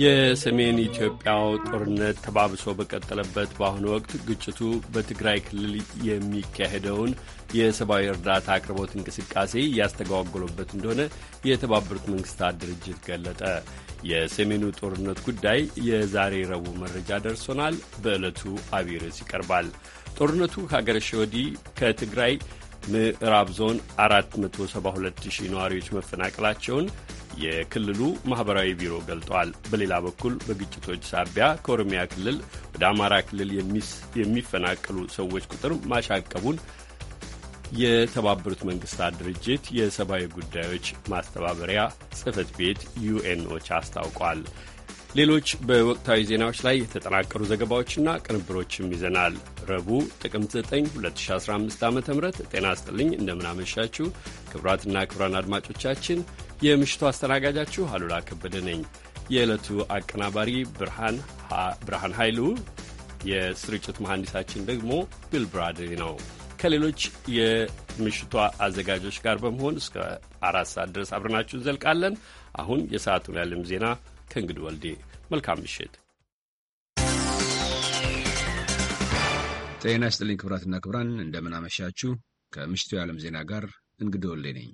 የሰሜን ኢትዮጵያው ጦርነት ተባብሶ በቀጠለበት በአሁኑ ወቅት ግጭቱ በትግራይ ክልል የሚካሄደውን የሰብአዊ እርዳታ አቅርቦት እንቅስቃሴ እያስተጓጎለበት እንደሆነ የተባበሩት መንግስታት ድርጅት ገለጠ። የሰሜኑ ጦርነት ጉዳይ የዛሬ ረቡዕ መረጃ ደርሶናል። በዕለቱ አብይ ርዕስ ይቀርባል። ጦርነቱ ከሀገረሸ ወዲህ ከትግራይ ምዕራብ ዞን 472 ሺህ ነዋሪዎች መፈናቀላቸውን የክልሉ ማህበራዊ ቢሮ ገልጧል። በሌላ በኩል በግጭቶች ሳቢያ ከኦሮሚያ ክልል ወደ አማራ ክልል የሚፈናቀሉ ሰዎች ቁጥር ማሻቀቡን የተባበሩት መንግስታት ድርጅት የሰብአዊ ጉዳዮች ማስተባበሪያ ጽህፈት ቤት ዩኤንኦች አስታውቋል። ሌሎች በወቅታዊ ዜናዎች ላይ የተጠናቀሩ ዘገባዎችና ቅንብሮችም ይዘናል። ረቡዕ ጥቅምት 9 2015 ዓ ም ጤና ስጥልኝ እንደምናመሻችሁ ክቡራትና ክቡራን አድማጮቻችን የምሽቱ አስተናጋጃችሁ አሉላ ከበደ ነኝ። የዕለቱ አቀናባሪ ብርሃን ኃይሉ፣ የስርጭት መሐንዲሳችን ደግሞ ቢል ነው። ከሌሎች የምሽቷ አዘጋጆች ጋር በመሆን እስከ አራት ሰዓት ድረስ አብረናችሁ እንዘልቃለን። አሁን የሰዓቱን ያለም ዜና ከእንግድ ወልዴ። መልካም ምሽት ጤና ይስጥልኝ። ክብራትና ክብራን እንደምናመሻችሁ። ከምሽቱ የዓለም ዜና ጋር እንግዲህ ወልዴ ነኝ።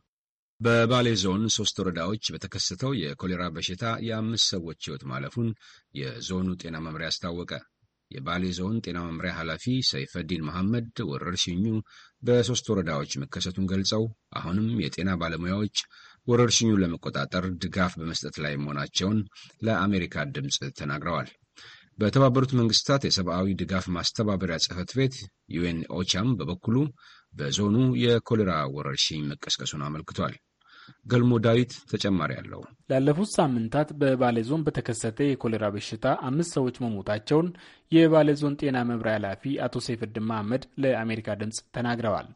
በባሌ ዞን ሶስት ወረዳዎች በተከሰተው የኮሌራ በሽታ የአምስት ሰዎች ሕይወት ማለፉን የዞኑ ጤና መምሪያ አስታወቀ። የባሌ ዞን ጤና መምሪያ ኃላፊ ሰይፈዲን መሐመድ ወረርሽኙ በሶስት ወረዳዎች መከሰቱን ገልጸው አሁንም የጤና ባለሙያዎች ወረርሽኙን ለመቆጣጠር ድጋፍ በመስጠት ላይ መሆናቸውን ለአሜሪካ ድምፅ ተናግረዋል። በተባበሩት መንግስታት የሰብአዊ ድጋፍ ማስተባበሪያ ጽህፈት ቤት ዩኤን ኦቻም በበኩሉ በዞኑ የኮሌራ ወረርሽኝ መቀስቀሱን አመልክቷል። ገልሞ ዳዊት ተጨማሪ አለው። ላለፉት ሳምንታት በባሌ ዞን በተከሰተ የኮሌራ በሽታ አምስት ሰዎች መሞታቸውን የባሌ ዞን ጤና መምሪያ ኃላፊ አቶ ሰይፍድን መሐመድ ለአሜሪካ ድምፅ ተናግረዋል።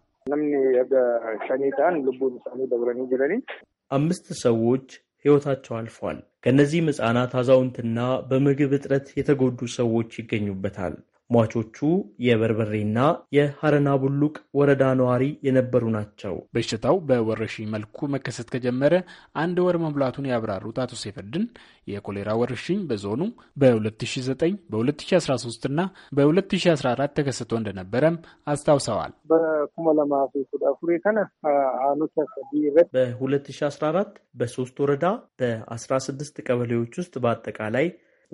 አምስት ሰዎች ሕይወታቸው አልፏል። ከእነዚህም ሕፃናት፣ አዛውንትና በምግብ እጥረት የተጎዱ ሰዎች ይገኙበታል። ሟቾቹ የበርበሬና የሀረና ቡሉቅ ወረዳ ነዋሪ የነበሩ ናቸው። በሽታው በወረርሽኝ መልኩ መከሰት ከጀመረ አንድ ወር መሙላቱን ያብራሩት አቶ ሴፈድን የኮሌራ ወረርሽኝ በዞኑ በ2009 በ2013 እና በ2014 ተከስቶ እንደነበረም አስታውሰዋል። በ2014 በሶስት ወረዳ በ16 ቀበሌዎች ውስጥ በአጠቃላይ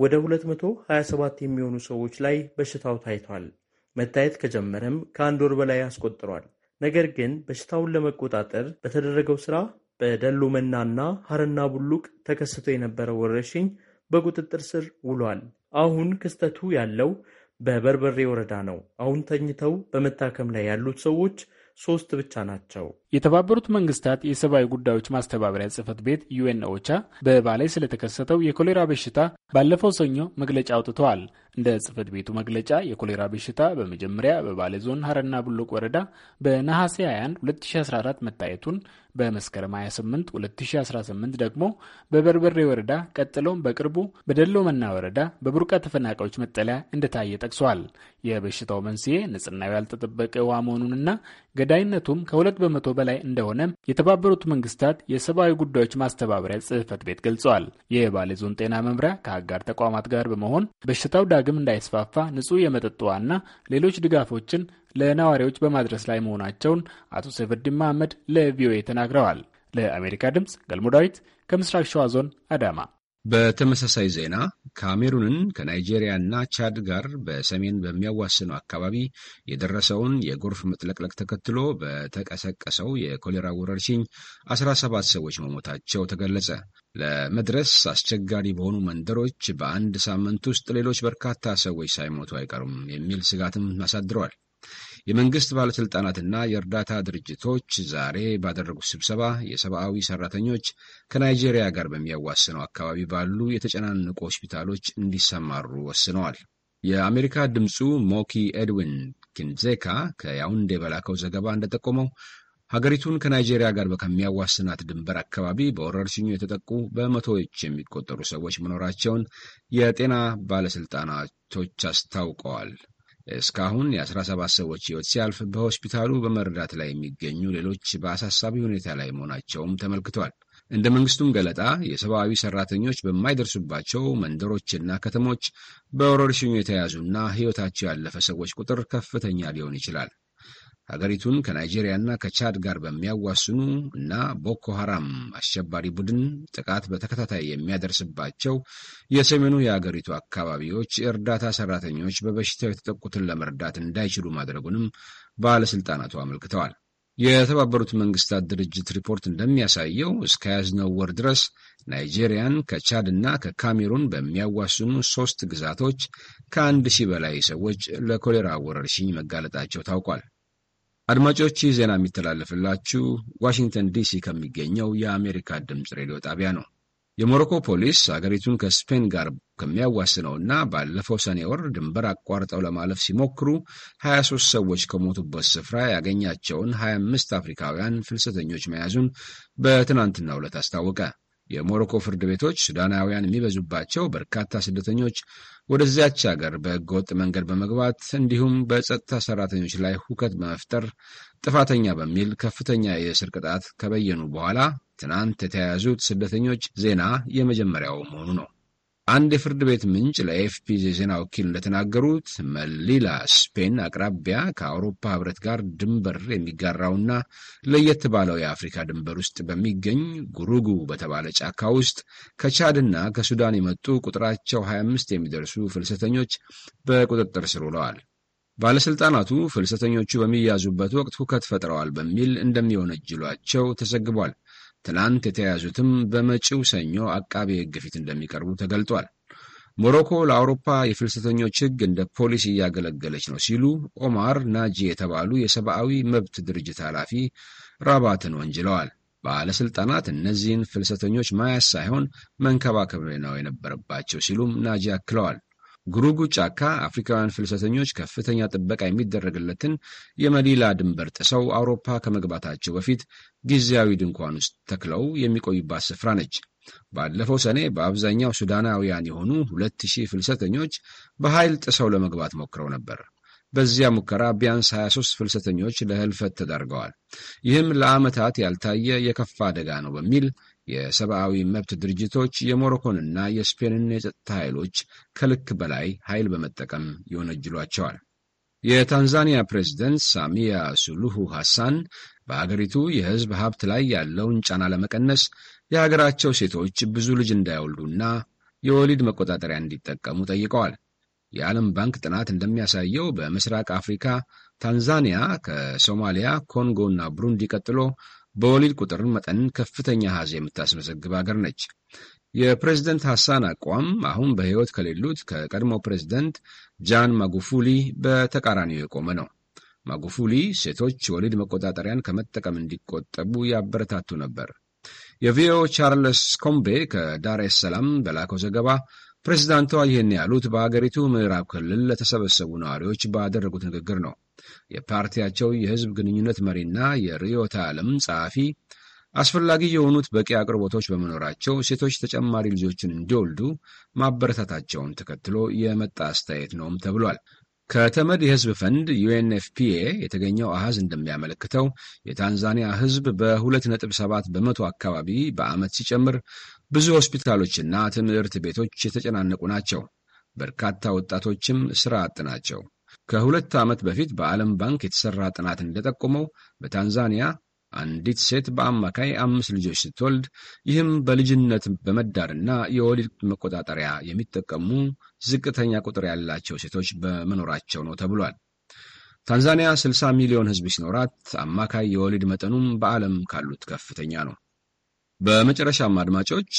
ወደ 227 የሚሆኑ ሰዎች ላይ በሽታው ታይቷል። መታየት ከጀመረም ከአንድ ወር በላይ አስቆጥሯል። ነገር ግን በሽታውን ለመቆጣጠር በተደረገው ስራ ሥራ መናና ሐረና ቡሉቅ ተከስቶ የነበረው ወረርሽኝ በቁጥጥር ስር ውሏል። አሁን ክስተቱ ያለው በበርበሬ ወረዳ ነው። አሁን ተኝተው በመታከም ላይ ያሉት ሰዎች ሶስት ብቻ ናቸው። የተባበሩት መንግስታት የሰብአዊ ጉዳዮች ማስተባበሪያ ጽህፈት ቤት ዩኤን ኦቻ ላይ ስለተከሰተው የኮሌራ በሽታ ባለፈው ሰኞ መግለጫ አውጥተዋል። እንደ ጽህፈት ቤቱ መግለጫ የኮሌራ በሽታ በመጀመሪያ በባሌ ዞን ሀረና ብሎቅ ወረዳ በነሐሴ 21 2014 መታየቱን በመስከረም 28 2018 ደግሞ በበርበሬ ወረዳ ቀጥሎም በቅርቡ በደሎ መና ወረዳ በቡርቃ ተፈናቃዮች መጠለያ እንደታየ ጠቅሷል። የበሽታው መንስኤ ንጽህናው ያልተጠበቀ ውሃ መሆኑንና ገዳይነቱም ከሁለት በመቶ በላይ እንደሆነ የተባበሩት መንግስታት የሰብአዊ ጉዳዮች ማስተባበሪያ ጽህፈት ቤት ገልጿል። የባሌ ዞን ጤና መምሪያ ከአጋር ተቋማት ጋር በመሆን በሽታው ዳግም እንዳይስፋፋ ንጹህ የመጠጥ ውሃና ሌሎች ድጋፎችን ለነዋሪዎች በማድረስ ላይ መሆናቸውን አቶ ሰይፈዲን መሐመድ ለቪኦኤ ተናግረዋል። ለአሜሪካ ድምፅ ገልሞ ዳዊት ከምስራቅ ሸዋ ዞን አዳማ። በተመሳሳይ ዜና ካሜሩንን ከናይጄሪያና ቻድ ጋር በሰሜን በሚያዋስኑ አካባቢ የደረሰውን የጎርፍ መጥለቅለቅ ተከትሎ በተቀሰቀሰው የኮሌራ ወረርሽኝ 17 ሰዎች መሞታቸው ተገለጸ። ለመድረስ አስቸጋሪ በሆኑ መንደሮች በአንድ ሳምንት ውስጥ ሌሎች በርካታ ሰዎች ሳይሞቱ አይቀሩም የሚል ስጋትም አሳድረዋል። የመንግስት ባለሥልጣናትና የእርዳታ ድርጅቶች ዛሬ ባደረጉት ስብሰባ የሰብአዊ ሰራተኞች ከናይጄሪያ ጋር በሚያዋስነው አካባቢ ባሉ የተጨናነቁ ሆስፒታሎች እንዲሰማሩ ወስነዋል። የአሜሪካ ድምፁ ሞኪ ኤድዊን ኪንዜካ ከያውንዴ በላከው ዘገባ እንደጠቆመው ሀገሪቱን ከናይጄሪያ ጋር ከሚያዋስናት ድንበር አካባቢ በወረርሽኙ የተጠቁ በመቶዎች የሚቆጠሩ ሰዎች መኖራቸውን የጤና ባለስልጣናቶች አስታውቀዋል። እስካሁን የ17 ሰዎች ሕይወት ሲያልፍ በሆስፒታሉ በመረዳት ላይ የሚገኙ ሌሎች በአሳሳቢ ሁኔታ ላይ መሆናቸውም ተመልክቷል። እንደ መንግስቱም ገለጣ የሰብአዊ ሰራተኞች በማይደርሱባቸው መንደሮችና ከተሞች በወረርሽኙ የተያዙና ሕይወታቸው ያለፈ ሰዎች ቁጥር ከፍተኛ ሊሆን ይችላል። ሀገሪቱን ከናይጄሪያና ከቻድ ጋር በሚያዋስኑ እና ቦኮ ሐራም አሸባሪ ቡድን ጥቃት በተከታታይ የሚያደርስባቸው የሰሜኑ የአገሪቱ አካባቢዎች እርዳታ ሰራተኞች በበሽታው የተጠቁትን ለመርዳት እንዳይችሉ ማድረጉንም ባለሥልጣናቱ አመልክተዋል። የተባበሩት መንግስታት ድርጅት ሪፖርት እንደሚያሳየው እስከ ያዝነው ወር ድረስ ናይጄሪያን ከቻድ እና ከካሜሩን በሚያዋስኑ ሶስት ግዛቶች ከአንድ ሺህ በላይ ሰዎች ለኮሌራ ወረርሽኝ መጋለጣቸው ታውቋል። አድማጮች ይህ ዜና የሚተላለፍላችሁ ዋሽንግተን ዲሲ ከሚገኘው የአሜሪካ ድምፅ ሬዲዮ ጣቢያ ነው። የሞሮኮ ፖሊስ አገሪቱን ከስፔን ጋር ከሚያዋስነውና ባለፈው ሰኔ ወር ድንበር አቋርጠው ለማለፍ ሲሞክሩ 23 ሰዎች ከሞቱበት ስፍራ ያገኛቸውን 25 አፍሪካውያን ፍልሰተኞች መያዙን በትናንትናው ዕለት አስታወቀ። የሞሮኮ ፍርድ ቤቶች ሱዳናውያን የሚበዙባቸው በርካታ ስደተኞች ወደዚያች ሀገር በህገወጥ ወጥ መንገድ በመግባት እንዲሁም በጸጥታ ሰራተኞች ላይ ሁከት በመፍጠር ጥፋተኛ በሚል ከፍተኛ የእስር ቅጣት ከበየኑ በኋላ ትናንት የተያያዙት ስደተኞች ዜና የመጀመሪያው መሆኑ ነው። አንድ የፍርድ ቤት ምንጭ ለኤፍፒ የዜና ወኪል እንደተናገሩት መሊላ ስፔን አቅራቢያ ከአውሮፓ ሕብረት ጋር ድንበር የሚጋራውና ለየት ባለው የአፍሪካ ድንበር ውስጥ በሚገኝ ጉሩጉ በተባለ ጫካ ውስጥ ከቻድና ከሱዳን የመጡ ቁጥራቸው 25 የሚደርሱ ፍልሰተኞች በቁጥጥር ስር ውለዋል። ባለሥልጣናቱ ፍልሰተኞቹ በሚያዙበት ወቅት ሁከት ፈጥረዋል በሚል እንደሚወነጅሏቸው ተዘግቧል። ትላንት የተያዙትም በመጪው ሰኞ አቃቤ ሕግ ፊት እንደሚቀርቡ ተገልጧል። ሞሮኮ ለአውሮፓ የፍልሰተኞች ሕግ እንደ ፖሊስ እያገለገለች ነው ሲሉ ኦማር ናጂ የተባሉ የሰብአዊ መብት ድርጅት ኃላፊ ራባትን ወንጅለዋል። ባለሥልጣናት እነዚህን ፍልሰተኞች ማያዝ ሳይሆን መንከባከብ ነው የነበረባቸው ሲሉም ናጂ አክለዋል። ጉሩጉ ጫካ አፍሪካውያን ፍልሰተኞች ከፍተኛ ጥበቃ የሚደረግለትን የመዲላ ድንበር ጥሰው አውሮፓ ከመግባታቸው በፊት ጊዜያዊ ድንኳን ውስጥ ተክለው የሚቆዩባት ስፍራ ነች። ባለፈው ሰኔ በአብዛኛው ሱዳናውያን የሆኑ ሁለት ሺህ ፍልሰተኞች በኃይል ጥሰው ለመግባት ሞክረው ነበር። በዚያ ሙከራ ቢያንስ 23 ፍልሰተኞች ለህልፈት ተዳርገዋል። ይህም ለዓመታት ያልታየ የከፋ አደጋ ነው በሚል የሰብአዊ መብት ድርጅቶች የሞሮኮንና የስፔንን የጸጥታ ኃይሎች ከልክ በላይ ኃይል በመጠቀም ይወነጅሏቸዋል። የታንዛኒያ ፕሬዚደንት ሳሚያ ሱሉሁ ሐሳን በአገሪቱ የሕዝብ ሀብት ላይ ያለውን ጫና ለመቀነስ የሀገራቸው ሴቶች ብዙ ልጅ እንዳይወልዱና የወሊድ መቆጣጠሪያ እንዲጠቀሙ ጠይቀዋል። የዓለም ባንክ ጥናት እንደሚያሳየው በምስራቅ አፍሪካ ታንዛኒያ ከሶማሊያ፣ ኮንጎ እና ብሩንዲ ቀጥሎ በወሊድ ቁጥር መጠን ከፍተኛ አሃዝ የምታስመዘግብ አገር ነች። የፕሬዝደንት ሐሳን አቋም አሁን በሕይወት ከሌሉት ከቀድሞ ፕሬዝደንት ጃን ማጉፉሊ በተቃራኒው የቆመ ነው። ማጉፉሊ ሴቶች ወሊድ መቆጣጠሪያን ከመጠቀም እንዲቆጠቡ ያበረታቱ ነበር። የቪኦ ቻርልስ ኮምቤ ከዳሬስ ሰላም በላከው ዘገባ ፕሬዚዳንቷ ይህን ያሉት በአገሪቱ ምዕራብ ክልል ለተሰበሰቡ ነዋሪዎች ባደረጉት ንግግር ነው። የፓርቲያቸው የህዝብ ግንኙነት መሪና የርዕዮተ ዓለም ጸሐፊ አስፈላጊ የሆኑት በቂ አቅርቦቶች በመኖራቸው ሴቶች ተጨማሪ ልጆችን እንዲወልዱ ማበረታታቸውን ተከትሎ የመጣ አስተያየት ነውም ተብሏል። ከተመድ የህዝብ ፈንድ ዩኤንኤፍፒኤ የተገኘው አሃዝ እንደሚያመለክተው የታንዛኒያ ህዝብ በ2.7 በመቶ አካባቢ በዓመት ሲጨምር ብዙ ሆስፒታሎችና ትምህርት ቤቶች የተጨናነቁ ናቸው። በርካታ ወጣቶችም ስራ አጥ ናቸው። ከሁለት ዓመት በፊት በዓለም ባንክ የተሠራ ጥናት እንደጠቆመው በታንዛኒያ አንዲት ሴት በአማካይ አምስት ልጆች ስትወልድ ይህም በልጅነት በመዳርና የወሊድ መቆጣጠሪያ የሚጠቀሙ ዝቅተኛ ቁጥር ያላቸው ሴቶች በመኖራቸው ነው ተብሏል። ታንዛኒያ 60 ሚሊዮን ሕዝብ ሲኖራት አማካይ የወሊድ መጠኑም በዓለም ካሉት ከፍተኛ ነው። በመጨረሻም አድማጮች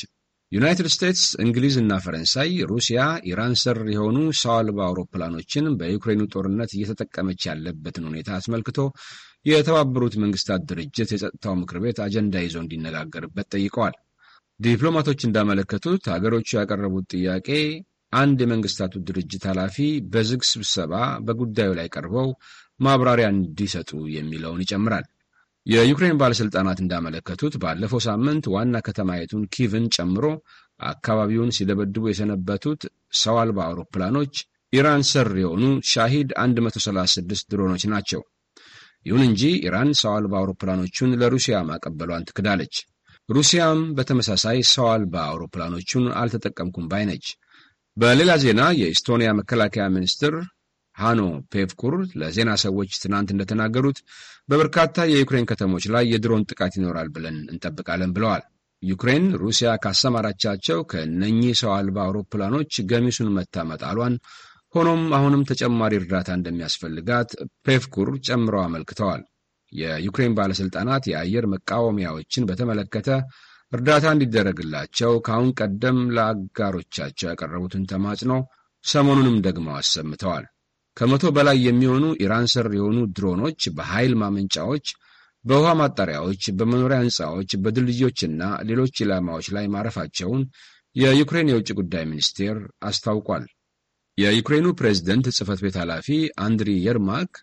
ዩናይትድ ስቴትስ፣ እንግሊዝ እና ፈረንሳይ ሩሲያ ኢራን ስር የሆኑ ሰው አልባ አውሮፕላኖችን በዩክሬኑ ጦርነት እየተጠቀመች ያለበትን ሁኔታ አስመልክቶ የተባበሩት መንግስታት ድርጅት የጸጥታው ምክር ቤት አጀንዳ ይዞ እንዲነጋገርበት ጠይቀዋል። ዲፕሎማቶች እንዳመለከቱት ሀገሮቹ ያቀረቡት ጥያቄ አንድ የመንግስታቱ ድርጅት ኃላፊ በዝግ ስብሰባ በጉዳዩ ላይ ቀርበው ማብራሪያ እንዲሰጡ የሚለውን ይጨምራል። የዩክሬን ባለሥልጣናት እንዳመለከቱት ባለፈው ሳምንት ዋና ከተማይቱን ኪቭን ጨምሮ አካባቢውን ሲደበድቡ የሰነበቱት ሰው አልባ አውሮፕላኖች ኢራን ሰር የሆኑ ሻሂድ 136 ድሮኖች ናቸው። ይሁን እንጂ ኢራን ሰው አልባ አውሮፕላኖቹን ለሩሲያ ማቀበሏን ትክዳለች። ሩሲያም በተመሳሳይ ሰው አልባ አውሮፕላኖቹን አልተጠቀምኩም ባይ ነች። በሌላ ዜና የኢስቶኒያ መከላከያ ሚኒስትር ሃኖ ፔቭኩር ለዜና ሰዎች ትናንት እንደተናገሩት በበርካታ የዩክሬን ከተሞች ላይ የድሮን ጥቃት ይኖራል ብለን እንጠብቃለን ብለዋል። ዩክሬን ሩሲያ ካሰማራቻቸው ከእነኚህ ሰው አልባ አውሮፕላኖች ገሚሱን መታ መጣሏን፣ ሆኖም አሁንም ተጨማሪ እርዳታ እንደሚያስፈልጋት ፔቭኩር ጨምረው አመልክተዋል። የዩክሬን ባለሥልጣናት የአየር መቃወሚያዎችን በተመለከተ እርዳታ እንዲደረግላቸው ከአሁን ቀደም ለአጋሮቻቸው ያቀረቡትን ተማጽኖ ሰሞኑንም ደግመው አሰምተዋል። ከመቶ በላይ የሚሆኑ ኢራን ስር የሆኑ ድሮኖች በኃይል ማመንጫዎች፣ በውሃ ማጣሪያዎች፣ በመኖሪያ ሕንፃዎች፣ በድልድዮችና ሌሎች ኢላማዎች ላይ ማረፋቸውን የዩክሬን የውጭ ጉዳይ ሚኒስቴር አስታውቋል። የዩክሬኑ ፕሬዝደንት ጽህፈት ቤት ኃላፊ አንድሪ የርማክ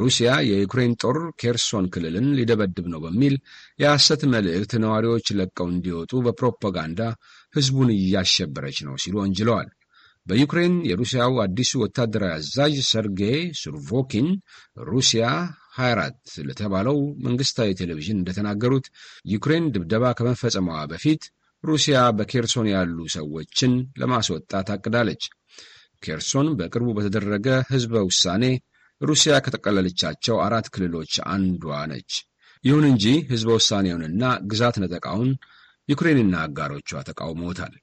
ሩሲያ የዩክሬን ጦር ኬርሶን ክልልን ሊደበድብ ነው በሚል የሐሰት መልእክት ነዋሪዎች ለቀው እንዲወጡ በፕሮፓጋንዳ ሕዝቡን እያሸበረች ነው ሲሉ ወንጅለዋል። በዩክሬን የሩሲያው አዲሱ ወታደራዊ አዛዥ ሰርጌይ ሱርቮኪን ሩሲያ 24 ለተባለው መንግስታዊ ቴሌቪዥን እንደተናገሩት ዩክሬን ድብደባ ከመፈጸሟ በፊት ሩሲያ በኬርሶን ያሉ ሰዎችን ለማስወጣት አቅዳለች። ኬርሶን በቅርቡ በተደረገ ሕዝበ ውሳኔ ሩሲያ ከጠቀለለቻቸው አራት ክልሎች አንዷ ነች። ይሁን እንጂ ሕዝበ ውሳኔውንና ግዛት ነጠቃውን ዩክሬንና አጋሮቿ ተቃውመውታል።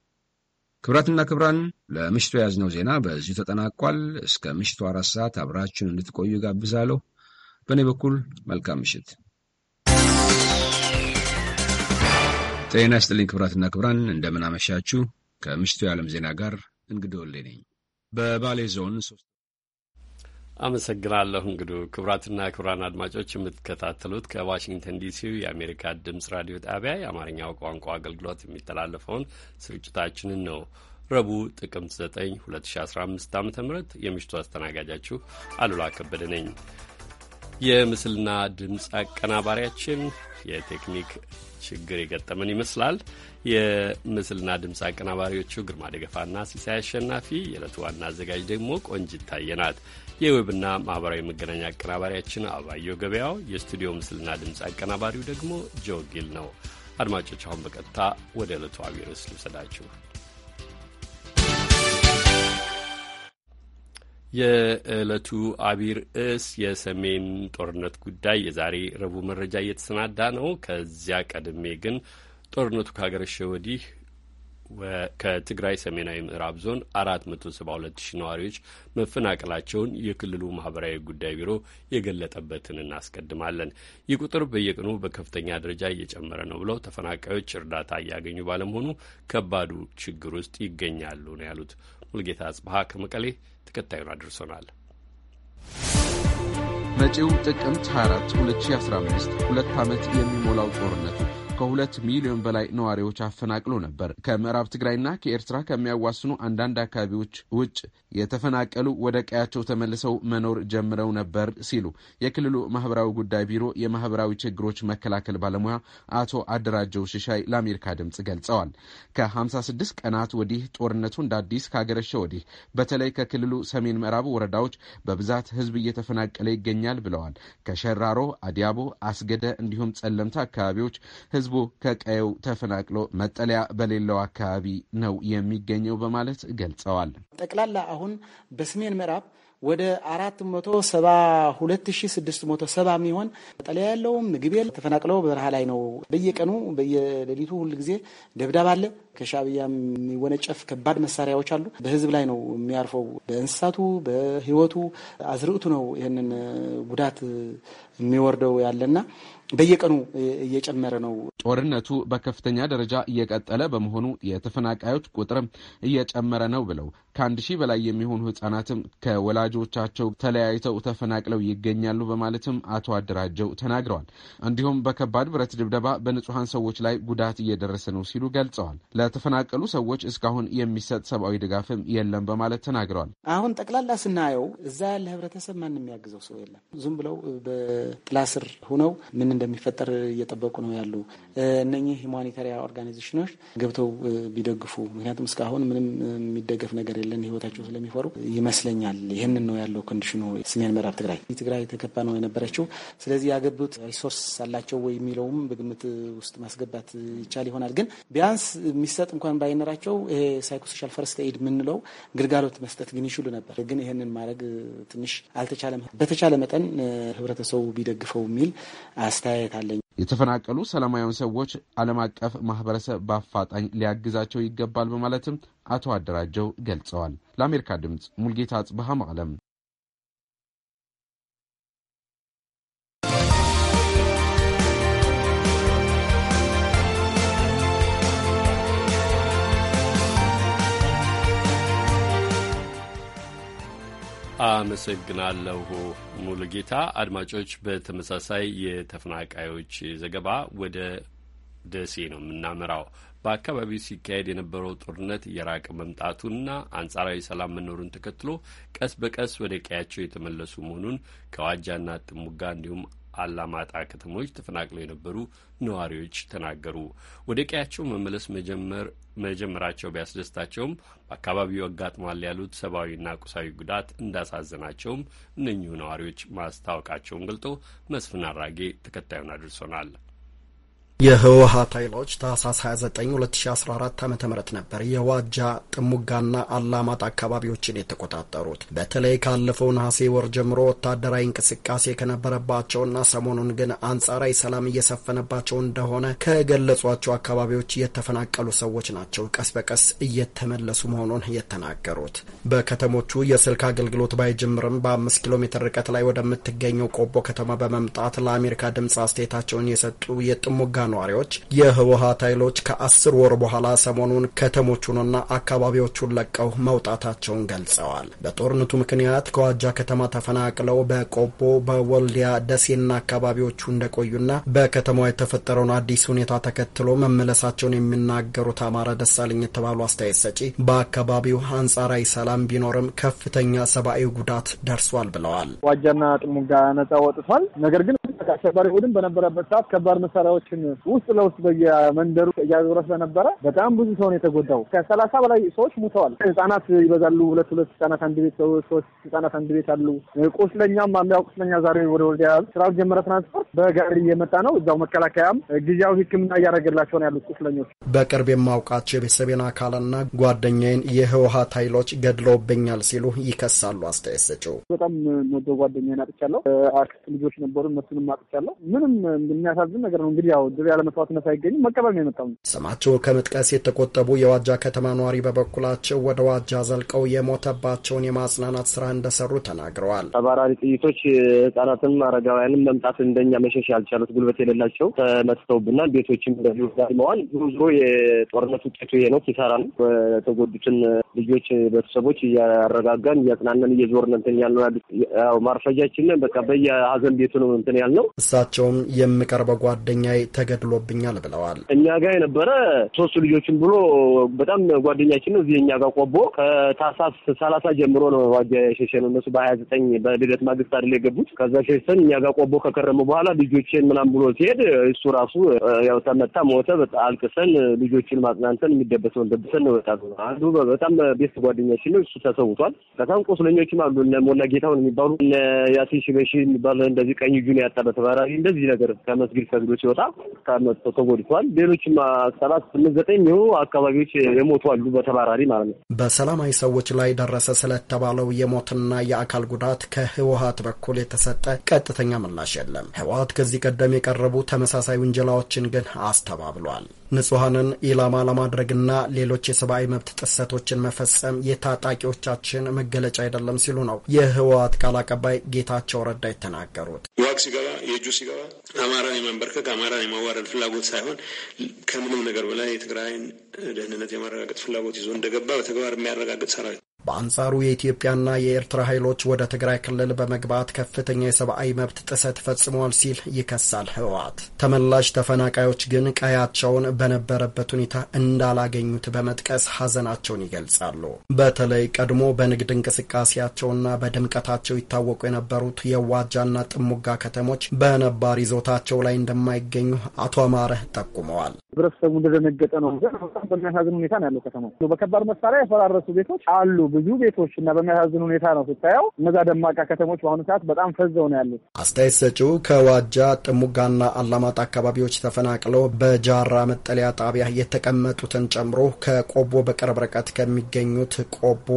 ክብራትና ክብራን ለምሽቱ የያዝነው ዜና በዚሁ ተጠናቋል። እስከ ምሽቱ አራት ሰዓት አብራችሁን እንድትቆዩ ጋብዛለሁ። በእኔ በኩል መልካም ምሽት። ጤና ይስጥልኝ ክብራትና ክብራን፣ እንደምን አመሻችሁ። ከምሽቱ የዓለም ዜና ጋር እንግዳ ወልዴ ነኝ። በባሌ ዞን አመሰግናለሁ እንግዱ። ክቡራትና ክቡራን አድማጮች የምትከታተሉት ከዋሽንግተን ዲሲው የአሜሪካ ድምጽ ራዲዮ ጣቢያ የአማርኛው ቋንቋ አገልግሎት የሚተላለፈውን ስርጭታችንን ነው። ረቡዕ ጥቅምት 9 2015 ዓ ም የምሽቱ አስተናጋጃችሁ አሉላ ከበደ ነኝ። የምስልና ድምፅ አቀናባሪያችን የቴክኒክ ችግር የገጠመን ይመስላል። የምስልና ድምፅ አቀናባሪዎቹ ግርማ ደገፋና ሲሳይ አሸናፊ፣ የዕለቱ ዋና አዘጋጅ ደግሞ ቆንጅ ይታየናት። የዌብና ማኅበራዊ መገናኛ አቀናባሪያችን አባየሁ ገበያው፣ የስቱዲዮ ምስልና ድምፅ አቀናባሪው ደግሞ ጆ ጊል ነው። አድማጮች አሁን በቀጥታ ወደ ዕለቱ አብይ ርዕስ ልውሰዳችሁ። የዕለቱ አብይ ርዕስ የሰሜን ጦርነት ጉዳይ የዛሬ ረቡዕ መረጃ እየተሰናዳ ነው። ከዚያ ቀድሜ ግን ጦርነቱ ካገረሸ ወዲህ ከትግራይ ሰሜናዊ ምዕራብ ዞን ሁለት ሺ ነዋሪዎች መፈናቀላቸውን የክልሉ ማህበራዊ ጉዳይ ቢሮ የገለጠበትን እናስቀድማለን። ይህ ቁጥር በየቀኑ በከፍተኛ ደረጃ እየጨመረ ነው ብለው ተፈናቃዮች እርዳታ እያገኙ ባለመሆኑ ከባዱ ችግር ውስጥ ይገኛሉ ነው ያሉት። ሙልጌታ አጽብሃ ከመቀሌ ተከታዩን አድርሶናል። መጪው ጥቅምት 24 2015 ሁለት ዓመት የሚሞላው ጦርነት ከሁለት ሚሊዮን በላይ ነዋሪዎች አፈናቅሎ ነበር። ከምዕራብ ትግራይና ከኤርትራ ከሚያዋስኑ አንዳንድ አካባቢዎች ውጭ የተፈናቀሉ ወደ ቀያቸው ተመልሰው መኖር ጀምረው ነበር ሲሉ የክልሉ ማህበራዊ ጉዳይ ቢሮ የማህበራዊ ችግሮች መከላከል ባለሙያ አቶ አደራጀው ሽሻይ ለአሜሪካ ድምፅ ገልጸዋል። ከ56 ቀናት ወዲህ ጦርነቱ እንደ አዲስ ካገረሸ ወዲህ በተለይ ከክልሉ ሰሜን ምዕራብ ወረዳዎች በብዛት ህዝብ እየተፈናቀለ ይገኛል ብለዋል። ከሸራሮ አዲያቦ፣ አስገደ እንዲሁም ጸለምታ አካባቢዎች ህዝቡ ከቀየው ተፈናቅሎ መጠለያ በሌለው አካባቢ ነው የሚገኘው በማለት ገልጸዋል። ጠቅላላ አሁን በሰሜን ምዕራብ ወደ አራት መቶ ሰባ ሁለት ሺ ስድስት መቶ ሰባ የሚሆን መጠለያ ያለውም ምግብ የለ ተፈናቅለው በረሃ ላይ ነው። በየቀኑ በየሌሊቱ ሁል ጊዜ ደብዳብ አለ። ከሻዕቢያ የሚወነጨፍ ከባድ መሳሪያዎች አሉ። በህዝብ ላይ ነው የሚያርፈው። በእንስሳቱ፣ በህይወቱ፣ አዝርዕቱ ነው ይህንን ጉዳት የሚወርደው ያለና በየቀኑ እየጨመረ ነው። ጦርነቱ በከፍተኛ ደረጃ እየቀጠለ በመሆኑ የተፈናቃዮች ቁጥር እየጨመረ ነው ብለው ከአንድ ሺህ በላይ የሚሆኑ ህጻናትም ከወላጆቻቸው ተለያይተው ተፈናቅለው ይገኛሉ በማለትም አቶ አደራጀው ተናግረዋል። እንዲሁም በከባድ ብረት ድብደባ በንጹሐን ሰዎች ላይ ጉዳት እየደረሰ ነው ሲሉ ገልጸዋል። ለተፈናቀሉ ሰዎች እስካሁን የሚሰጥ ሰብአዊ ድጋፍም የለም በማለት ተናግረዋል። አሁን ጠቅላላ ስናየው እዛ ያለ ህብረተሰብ ማን የሚያግዘው ሰው የለም። ዝም ብለው በጥላ ስር ሁነው ምን እንደሚፈጠር እየጠበቁ ነው ያሉ እነኚህ ሁማኒታሪያ ኦርጋናይዜሽኖች ገብተው ቢደግፉ ምክንያቱም እስካሁን ምንም የሚደገፍ ነገር የለም ስለሌለን ህይወታቸው ስለሚፈሩ ይመስለኛል። ይህንን ነው ያለው ኮንዲሽኑ ሰሜን ምዕራብ ትግራይ ትግራይ ተከባ ነው የነበረችው። ስለዚህ ያገቡት ሪሶርስ አላቸው ወይ የሚለውም በግምት ውስጥ ማስገባት ይቻል ይሆናል። ግን ቢያንስ የሚሰጥ እንኳን ባይኖራቸው ይሄ ሳይኮሶሻል ፈርስት ኤድ የምንለው ግልጋሎት መስጠት ግን ይችሉ ነበር። ግን ይህንን ማድረግ ትንሽ አልተቻለም። በተቻለ መጠን ህብረተሰቡ ቢደግፈው የሚል አስተያየት አለኝ። የተፈናቀሉ ሰላማዊያን ሰዎች ዓለም አቀፍ ማህበረሰብ በአፋጣኝ ሊያግዛቸው ይገባል በማለትም አቶ አደራጀው ገልጸዋል። ለአሜሪካ ድምፅ ሙልጌታ አጽብሃ መቀለም አመሰግናለሁ ሙሉጌታ። አድማጮች፣ በተመሳሳይ የተፈናቃዮች ዘገባ ወደ ደሴ ነው የምናመራው። በአካባቢው ሲካሄድ የነበረው ጦርነት እየራቀ መምጣቱና አንጻራዊ ሰላም መኖሩን ተከትሎ ቀስ በቀስ ወደ ቀያቸው የተመለሱ መሆኑን ከዋጃና ጥሙጋ እንዲሁም አላማጣ ከተሞች ተፈናቅለው የነበሩ ነዋሪዎች ተናገሩ። ወደ ቀያቸው መመለስ መጀመራቸው ቢያስደስታቸውም በአካባቢው አጋጥሟል ያሉት ሰብአዊና ቁሳዊ ጉዳት እንዳሳዘናቸውም እነኚሁ ነዋሪዎች ማስታወቃቸውን ገልጦ መስፍን አራጌ ተከታዩን አድርሶናል። የህወሀት ኃይሎች ታህሳስ 29 2014 ዓ ም ነበር የዋጃ ጥሙጋና አላማት አካባቢዎችን የተቆጣጠሩት። በተለይ ካለፈው ነሐሴ ወር ጀምሮ ወታደራዊ እንቅስቃሴ ከነበረባቸውና ሰሞኑን ግን አንጻራዊ ሰላም እየሰፈነባቸው እንደሆነ ከገለጿቸው አካባቢዎች የተፈናቀሉ ሰዎች ናቸው ቀስ በቀስ እየተመለሱ መሆኑን የተናገሩት። በከተሞቹ የስልክ አገልግሎት ባይጀምርም በአምስት ኪሎ ሜትር ርቀት ላይ ወደምትገኘው ቆቦ ከተማ በመምጣት ለአሜሪካ ድምፅ አስተያየታቸውን የሰጡ የጥሙጋ ነዋሪዎች የህወሀት ኃይሎች ከአስር ወር በኋላ ሰሞኑን ከተሞቹንና አካባቢዎቹን ለቀው መውጣታቸውን ገልጸዋል። በጦርነቱ ምክንያት ከዋጃ ከተማ ተፈናቅለው በቆቦ በወልዲያ ደሴና አካባቢዎቹ እንደቆዩና በከተማዋ የተፈጠረውን አዲስ ሁኔታ ተከትሎ መመለሳቸውን የሚናገሩት አማረ ደሳለኝ የተባሉ አስተያየት ሰጪ በአካባቢው አንጻራዊ ሰላም ቢኖርም ከፍተኛ ሰብአዊ ጉዳት ደርሷል ብለዋል። ዋጃና ጥሙጋ ነጻ ወጥቷል። ነገር ግን አሸባሪ ቡድን በነበረበት ሰዓት ከባድ መሳሪያዎችን ውስጥ ለውስጥ በየመንደሩ እያዞረ ስለነበረ በጣም ብዙ ሰው ነው የተጎዳው። ከሰላሳ በላይ ሰዎች ሙተዋል። ህጻናት ይበዛሉ። ሁለት ሁለት ህጻናት አንድ ቤት ሰዎች ህጻናት አንድ ቤት አሉ። ቁስለኛም አለ። ያው ቁስለኛ ዛሬ ወደ ወልዲያ ያሉ ስራው ጀመረ። ትራንስፖርት በጋሪ እየመጣ ነው። እዛው መከላከያም ጊዜያዊ ህክምና እያደረገላቸው ነው ያሉት ቁስለኞች። በቅርብ የማውቃቸው የቤተሰቤን አካልና ጓደኛዬን የህወሀት ኃይሎች ገድለውብኛል ሲሉ ይከሳሉ አስተያየት ሰጪው። በጣም ወደ ጓደኛዬን አጥቻለሁ። አክስት ልጆች ነበሩ እነሱንም አጥ ተመልክቻለሁ። ምንም የሚያሳዝን ነገር ነው። እንግዲህ ያው ድር ያለ መስዋዕትነት አይገኝም፣ መቀበል ነው የመጣው። ስማቸው ከመጥቀስ የተቆጠቡ የዋጃ ከተማ ነዋሪ በበኩላቸው ወደ ዋጃ ዘልቀው የሞተባቸውን የማጽናናት ስራ እንደሰሩ ተናግረዋል። ተባራሪ ጥይቶች ህጻናትም አረጋውያንም መምጣት እንደኛ መሸሽ ያልቻሉት ጉልበት የሌላቸው ተመትተውብናል። ቤቶችም እንደዚሁ ጋልመዋል። ዞሮ ዞሮ የጦርነት ውጤቱ ይሄ ነው፣ ኪሳራ ነው። በተጎዱትን ልጆች ቤተሰቦች እያረጋጋን እያጽናናን እየዞርን እንትን ያልነው ያሉት ያው ማርፈጃችንን በቃ በየሀዘን ቤቱ ነው እንትን ያልነው እሳቸውም የምቀርበው ጓደኛዬ ተገድሎብኛል ብለዋል። እኛ ጋር የነበረ ሶስቱ ልጆችን ብሎ በጣም ጓደኛችን ነው። እዚህ እኛ ጋር ቆቦ ከታህሳስ ሰላሳ ጀምሮ ነው ዋጃ የሸሸነው። እነሱ በሀያ ዘጠኝ በልደት ማግስት አይደል የገቡት። ከዛ ሸሽተን እኛ ጋር ቆቦ ከከረሙ በኋላ ልጆችን ምናም ብሎ ሲሄድ እሱ ራሱ ያው ተመታ፣ ሞተ። አልቅሰን ልጆችን ማጽናንተን የሚደበሰውን ደብሰን ነው ወጣ። አንዱ በጣም ቤስት ጓደኛችን ነው። እሱ ተሰውቷል። በጣም ቁስለኞችም አሉ። እነ ሞላ ጌታውን የሚባሉ እነ ያሲን ሽበሺ የሚባሉ እንደዚህ ቀኝ እጁን ያጣበት ተባራሪ እንደዚህ ነገር ከመስጊድ ሰግዶ ሲወጣ ከመጥቶ ተጎድቷል። ሌሎችም ሰባት ስምንት ዘጠኝ ይሁ አካባቢዎች የሞቱ አሉ በተባራሪ ማለት ነው። በሰላማዊ ሰዎች ላይ ደረሰ ስለተባለው የሞትና የአካል ጉዳት ከህወሀት በኩል የተሰጠ ቀጥተኛ ምላሽ የለም። ህወሀት ከዚህ ቀደም የቀረቡ ተመሳሳይ ውንጀላዎችን ግን አስተባብሏል። ንጹሐንን ኢላማ ለማድረግና ሌሎች የሰብአዊ መብት ጥሰቶችን መፈጸም የታጣቂዎቻችን መገለጫ አይደለም ሲሉ ነው የህወሓት ቃል አቀባይ ጌታቸው ረዳ የተናገሩት። ዋግ ሲገባ የእጁ ሲገባ አማራን የማንበርከክ አማራን የማዋረድ ፍላጎት ሳይሆን ከምንም ነገር በላይ የትግራይን ደህንነት የማረጋገጥ ፍላጎት ይዞ እንደገባ በተግባር የሚያረጋግጥ ሰራዊት በአንጻሩ የኢትዮጵያና የኤርትራ ኃይሎች ወደ ትግራይ ክልል በመግባት ከፍተኛ የሰብአዊ መብት ጥሰት ፈጽመዋል ሲል ይከሳል ህወሓት። ተመላሽ ተፈናቃዮች ግን ቀያቸውን በነበረበት ሁኔታ እንዳላገኙት በመጥቀስ ሐዘናቸውን ይገልጻሉ። በተለይ ቀድሞ በንግድ እንቅስቃሴያቸውና በድምቀታቸው ይታወቁ የነበሩት የዋጃና ጥሙጋ ከተሞች በነባር ይዞታቸው ላይ እንደማይገኙ አቶ አማረ ጠቁመዋል። ህብረተሰቡ እንደደነገጠ ነው። በሚያሳዝን ሁኔታ ነው ያለው። ከተማ በከባድ መሳሪያ የፈራረሱ ቤቶች አሉ ብዙ ቤቶች እና በሚያሳዝን ሁኔታ ነው ስታየው። እነዛ ደማቃ ከተሞች በአሁኑ ሰዓት በጣም ፈዘው ነው ያሉት። አስተያየት ሰጪው ከዋጃ ጥሙጋና አላማጣ አካባቢዎች ተፈናቅለው በጃራ መጠለያ ጣቢያ የተቀመጡትን ጨምሮ ከቆቦ በቅርብ ርቀት ከሚገኙት ቆቦ፣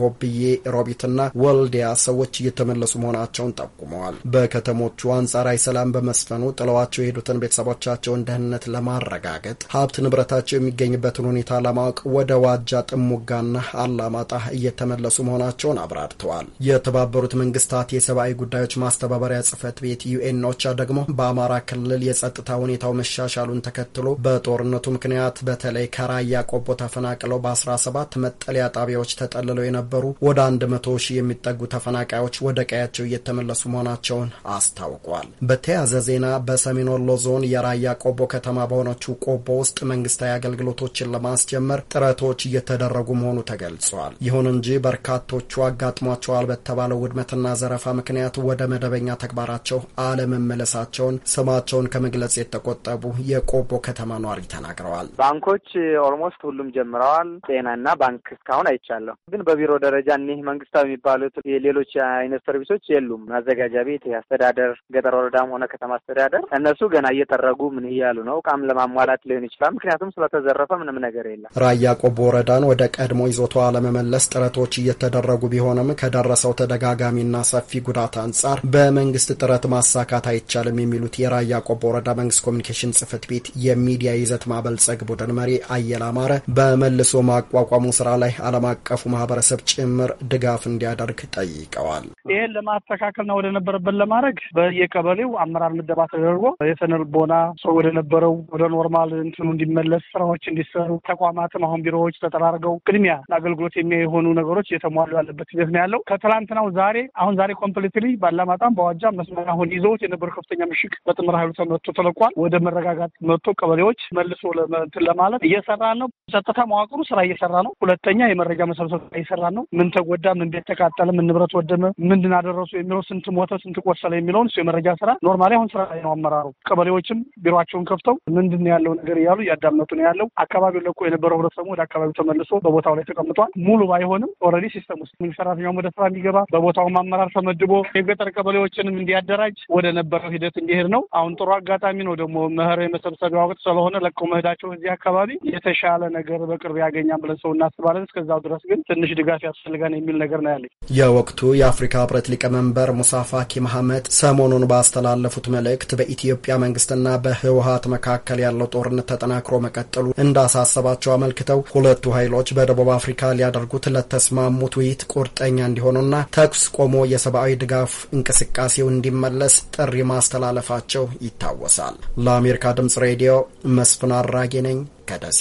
ጎብዬ፣ ሮቢትና ወልዲያ ሰዎች እየተመለሱ መሆናቸውን ጠቁመዋል። በከተሞቹ አንጻራዊ ሰላም በመስፈኑ ጥለዋቸው የሄዱትን ቤተሰቦቻቸውን ደህንነት ለማረጋገጥ ሀብት ንብረታቸው የሚገኝበትን ሁኔታ ለማወቅ ወደ ዋጃ ጥሙጋና አላማጣ እየተመለሱ መሆናቸውን አብራርተዋል። የተባበሩት መንግስታት የሰብአዊ ጉዳዮች ማስተባበሪያ ጽህፈት ቤት ዩኤን ኦቻ ደግሞ በአማራ ክልል የጸጥታ ሁኔታው መሻሻሉን ተከትሎ በጦርነቱ ምክንያት በተለይ ከራያ ቆቦ ተፈናቅለው በ17 መጠለያ ጣቢያዎች ተጠልለው የነበሩ ወደ 100 ሺህ የሚጠጉ ተፈናቃዮች ወደ ቀያቸው እየተመለሱ መሆናቸውን አስታውቋል። በተያያዘ ዜና በሰሜን ወሎ ዞን የራያ ቆቦ ከተማ በሆነችው ቆቦ ውስጥ መንግስታዊ አገልግሎቶችን ለማስጀመር ጥረቶች እየተደረጉ መሆኑ ተገልጿል። ይሁን እንጂ በርካቶቹ አጋጥሟቸዋል በተባለው ውድመትና ዘረፋ ምክንያት ወደ መደበኛ ተግባራቸው አለመመለሳቸውን ስማቸውን ከመግለጽ የተቆጠቡ የቆቦ ከተማ ነዋሪ ተናግረዋል። ባንኮች ኦልሞስት ሁሉም ጀምረዋል። ጤናና ባንክ እስካሁን አይቻለሁ። ግን በቢሮ ደረጃ እኒህ መንግስታዊ የሚባሉት የሌሎች አይነት ሰርቪሶች የሉም። ማዘጋጃ ቤት፣ አስተዳደር፣ ገጠር ወረዳም ሆነ ከተማ አስተዳደር እነሱ ገና እየጠረጉ ምን እያሉ ነው። እቃም ለማሟላት ሊሆን ይችላል። ምክንያቱም ስለተዘረፈ ምንም ነገር የለም። ራያ ቆቦ ወረዳን ወደ ቀድሞ ይዞታ አለመመለስ ጥረቶች እየተደረጉ ቢሆንም ከደረሰው ተደጋጋሚና ሰፊ ጉዳት አንጻር በመንግስት ጥረት ማሳካት አይቻልም የሚሉት የራያ ቆቦ ወረዳ መንግስት ኮሚኒኬሽን ጽህፈት ቤት የሚዲያ ይዘት ማበልጸግ ቡድን መሪ አየል አማረ በመልሶ ማቋቋሙ ስራ ላይ ዓለም አቀፉ ማህበረሰብ ጭምር ድጋፍ እንዲያደርግ ጠይቀዋል። ይህን ለማስተካከልና ወደነበረበት ለማድረግ በየቀበሌው አመራር ምደባ ተደርጎ የሰነልቦና ሰው ወደነበረው ወደ ኖርማል እንትኑ እንዲመለስ ስራዎች እንዲሰሩ ተቋማትም አሁን ቢሮዎች ተጠራርገው ቅድሚያ ለአገልግሎት የሚሆኑ ነገሮች እየተሟሉ ያለበት ሂደት ነው ያለው። ከትላንትናው ዛሬ አሁን ዛሬ ኮምፕሊትሊ ባላማጣም በዋጃ መስመር አሁን ይዘውት የነበሩ ከፍተኛ ምሽግ በጥምር ኃይሉ ተመቶ ተለቋል። ወደ መረጋጋት መጥቶ ቀበሌዎች መልሶ እንትን ለማለት እየሰራ ነው። ጸጥታ መዋቅሩ ስራ እየሰራ ነው። ሁለተኛ የመረጃ መሰብሰብ ስራ እየሰራ ነው። ምን ተጎዳ፣ ምን ቤት ተቃጠለ፣ ምን ንብረት ወደመ፣ ምንድን አደረሱ የሚለው ስንት ሞተ፣ ስንት ቆሰለ የሚለውን የመረጃ ስራ ኖርማሊ አሁን ስራ ላይ ነው አመራሩ። ቀበሌዎችም ቢሮቸውን ከፍተው ምንድን ያለው ነገር እያሉ እያዳመጡ ነው ያለው። አካባቢው ለቆ የነበረው ህብረተሰቡ ወደ አካባቢው ተመልሶ በቦታው ላይ ተቀምጧል። ሙሉ ባይሆን ቢሆንም ኦልሬዲ ሲስተም ውስጥ ሰራተኛው ወደ ስራ እንዲገባ በቦታውም አመራር ተመድቦ የገጠር ቀበሌዎችንም እንዲያደራጅ ወደ ነበረው ሂደት እንዲሄድ ነው። አሁን ጥሩ አጋጣሚ ነው ደግሞ መኸር የመሰብሰቢያ ወቅት ስለሆነ ለቀው መሄዳቸው እዚህ አካባቢ የተሻለ ነገር በቅርብ ያገኛል ብለን ሰው እናስባለን። እስከዛው ድረስ ግን ትንሽ ድጋፍ ያስፈልጋል የሚል ነገር ነው ያለኝ። የወቅቱ የአፍሪካ ህብረት ሊቀመንበር ሙሳ ፋኪ መሐመድ ሰሞኑን ባስተላለፉት መልእክት በኢትዮጵያ መንግስትና በህወሀት መካከል ያለው ጦርነት ተጠናክሮ መቀጠሉ እንዳሳሰባቸው አመልክተው ሁለቱ ኃይሎች በደቡብ አፍሪካ ሊያደርጉት ለ ተስማሙት ውይይት ቁርጠኛ እንዲሆኑና ተኩስ ቆሞ የሰብአዊ ድጋፍ እንቅስቃሴው እንዲመለስ ጥሪ ማስተላለፋቸው ይታወሳል። ለአሜሪካ ድምጽ ሬዲዮ መስፍን አራጌ ነኝ ከደሴ።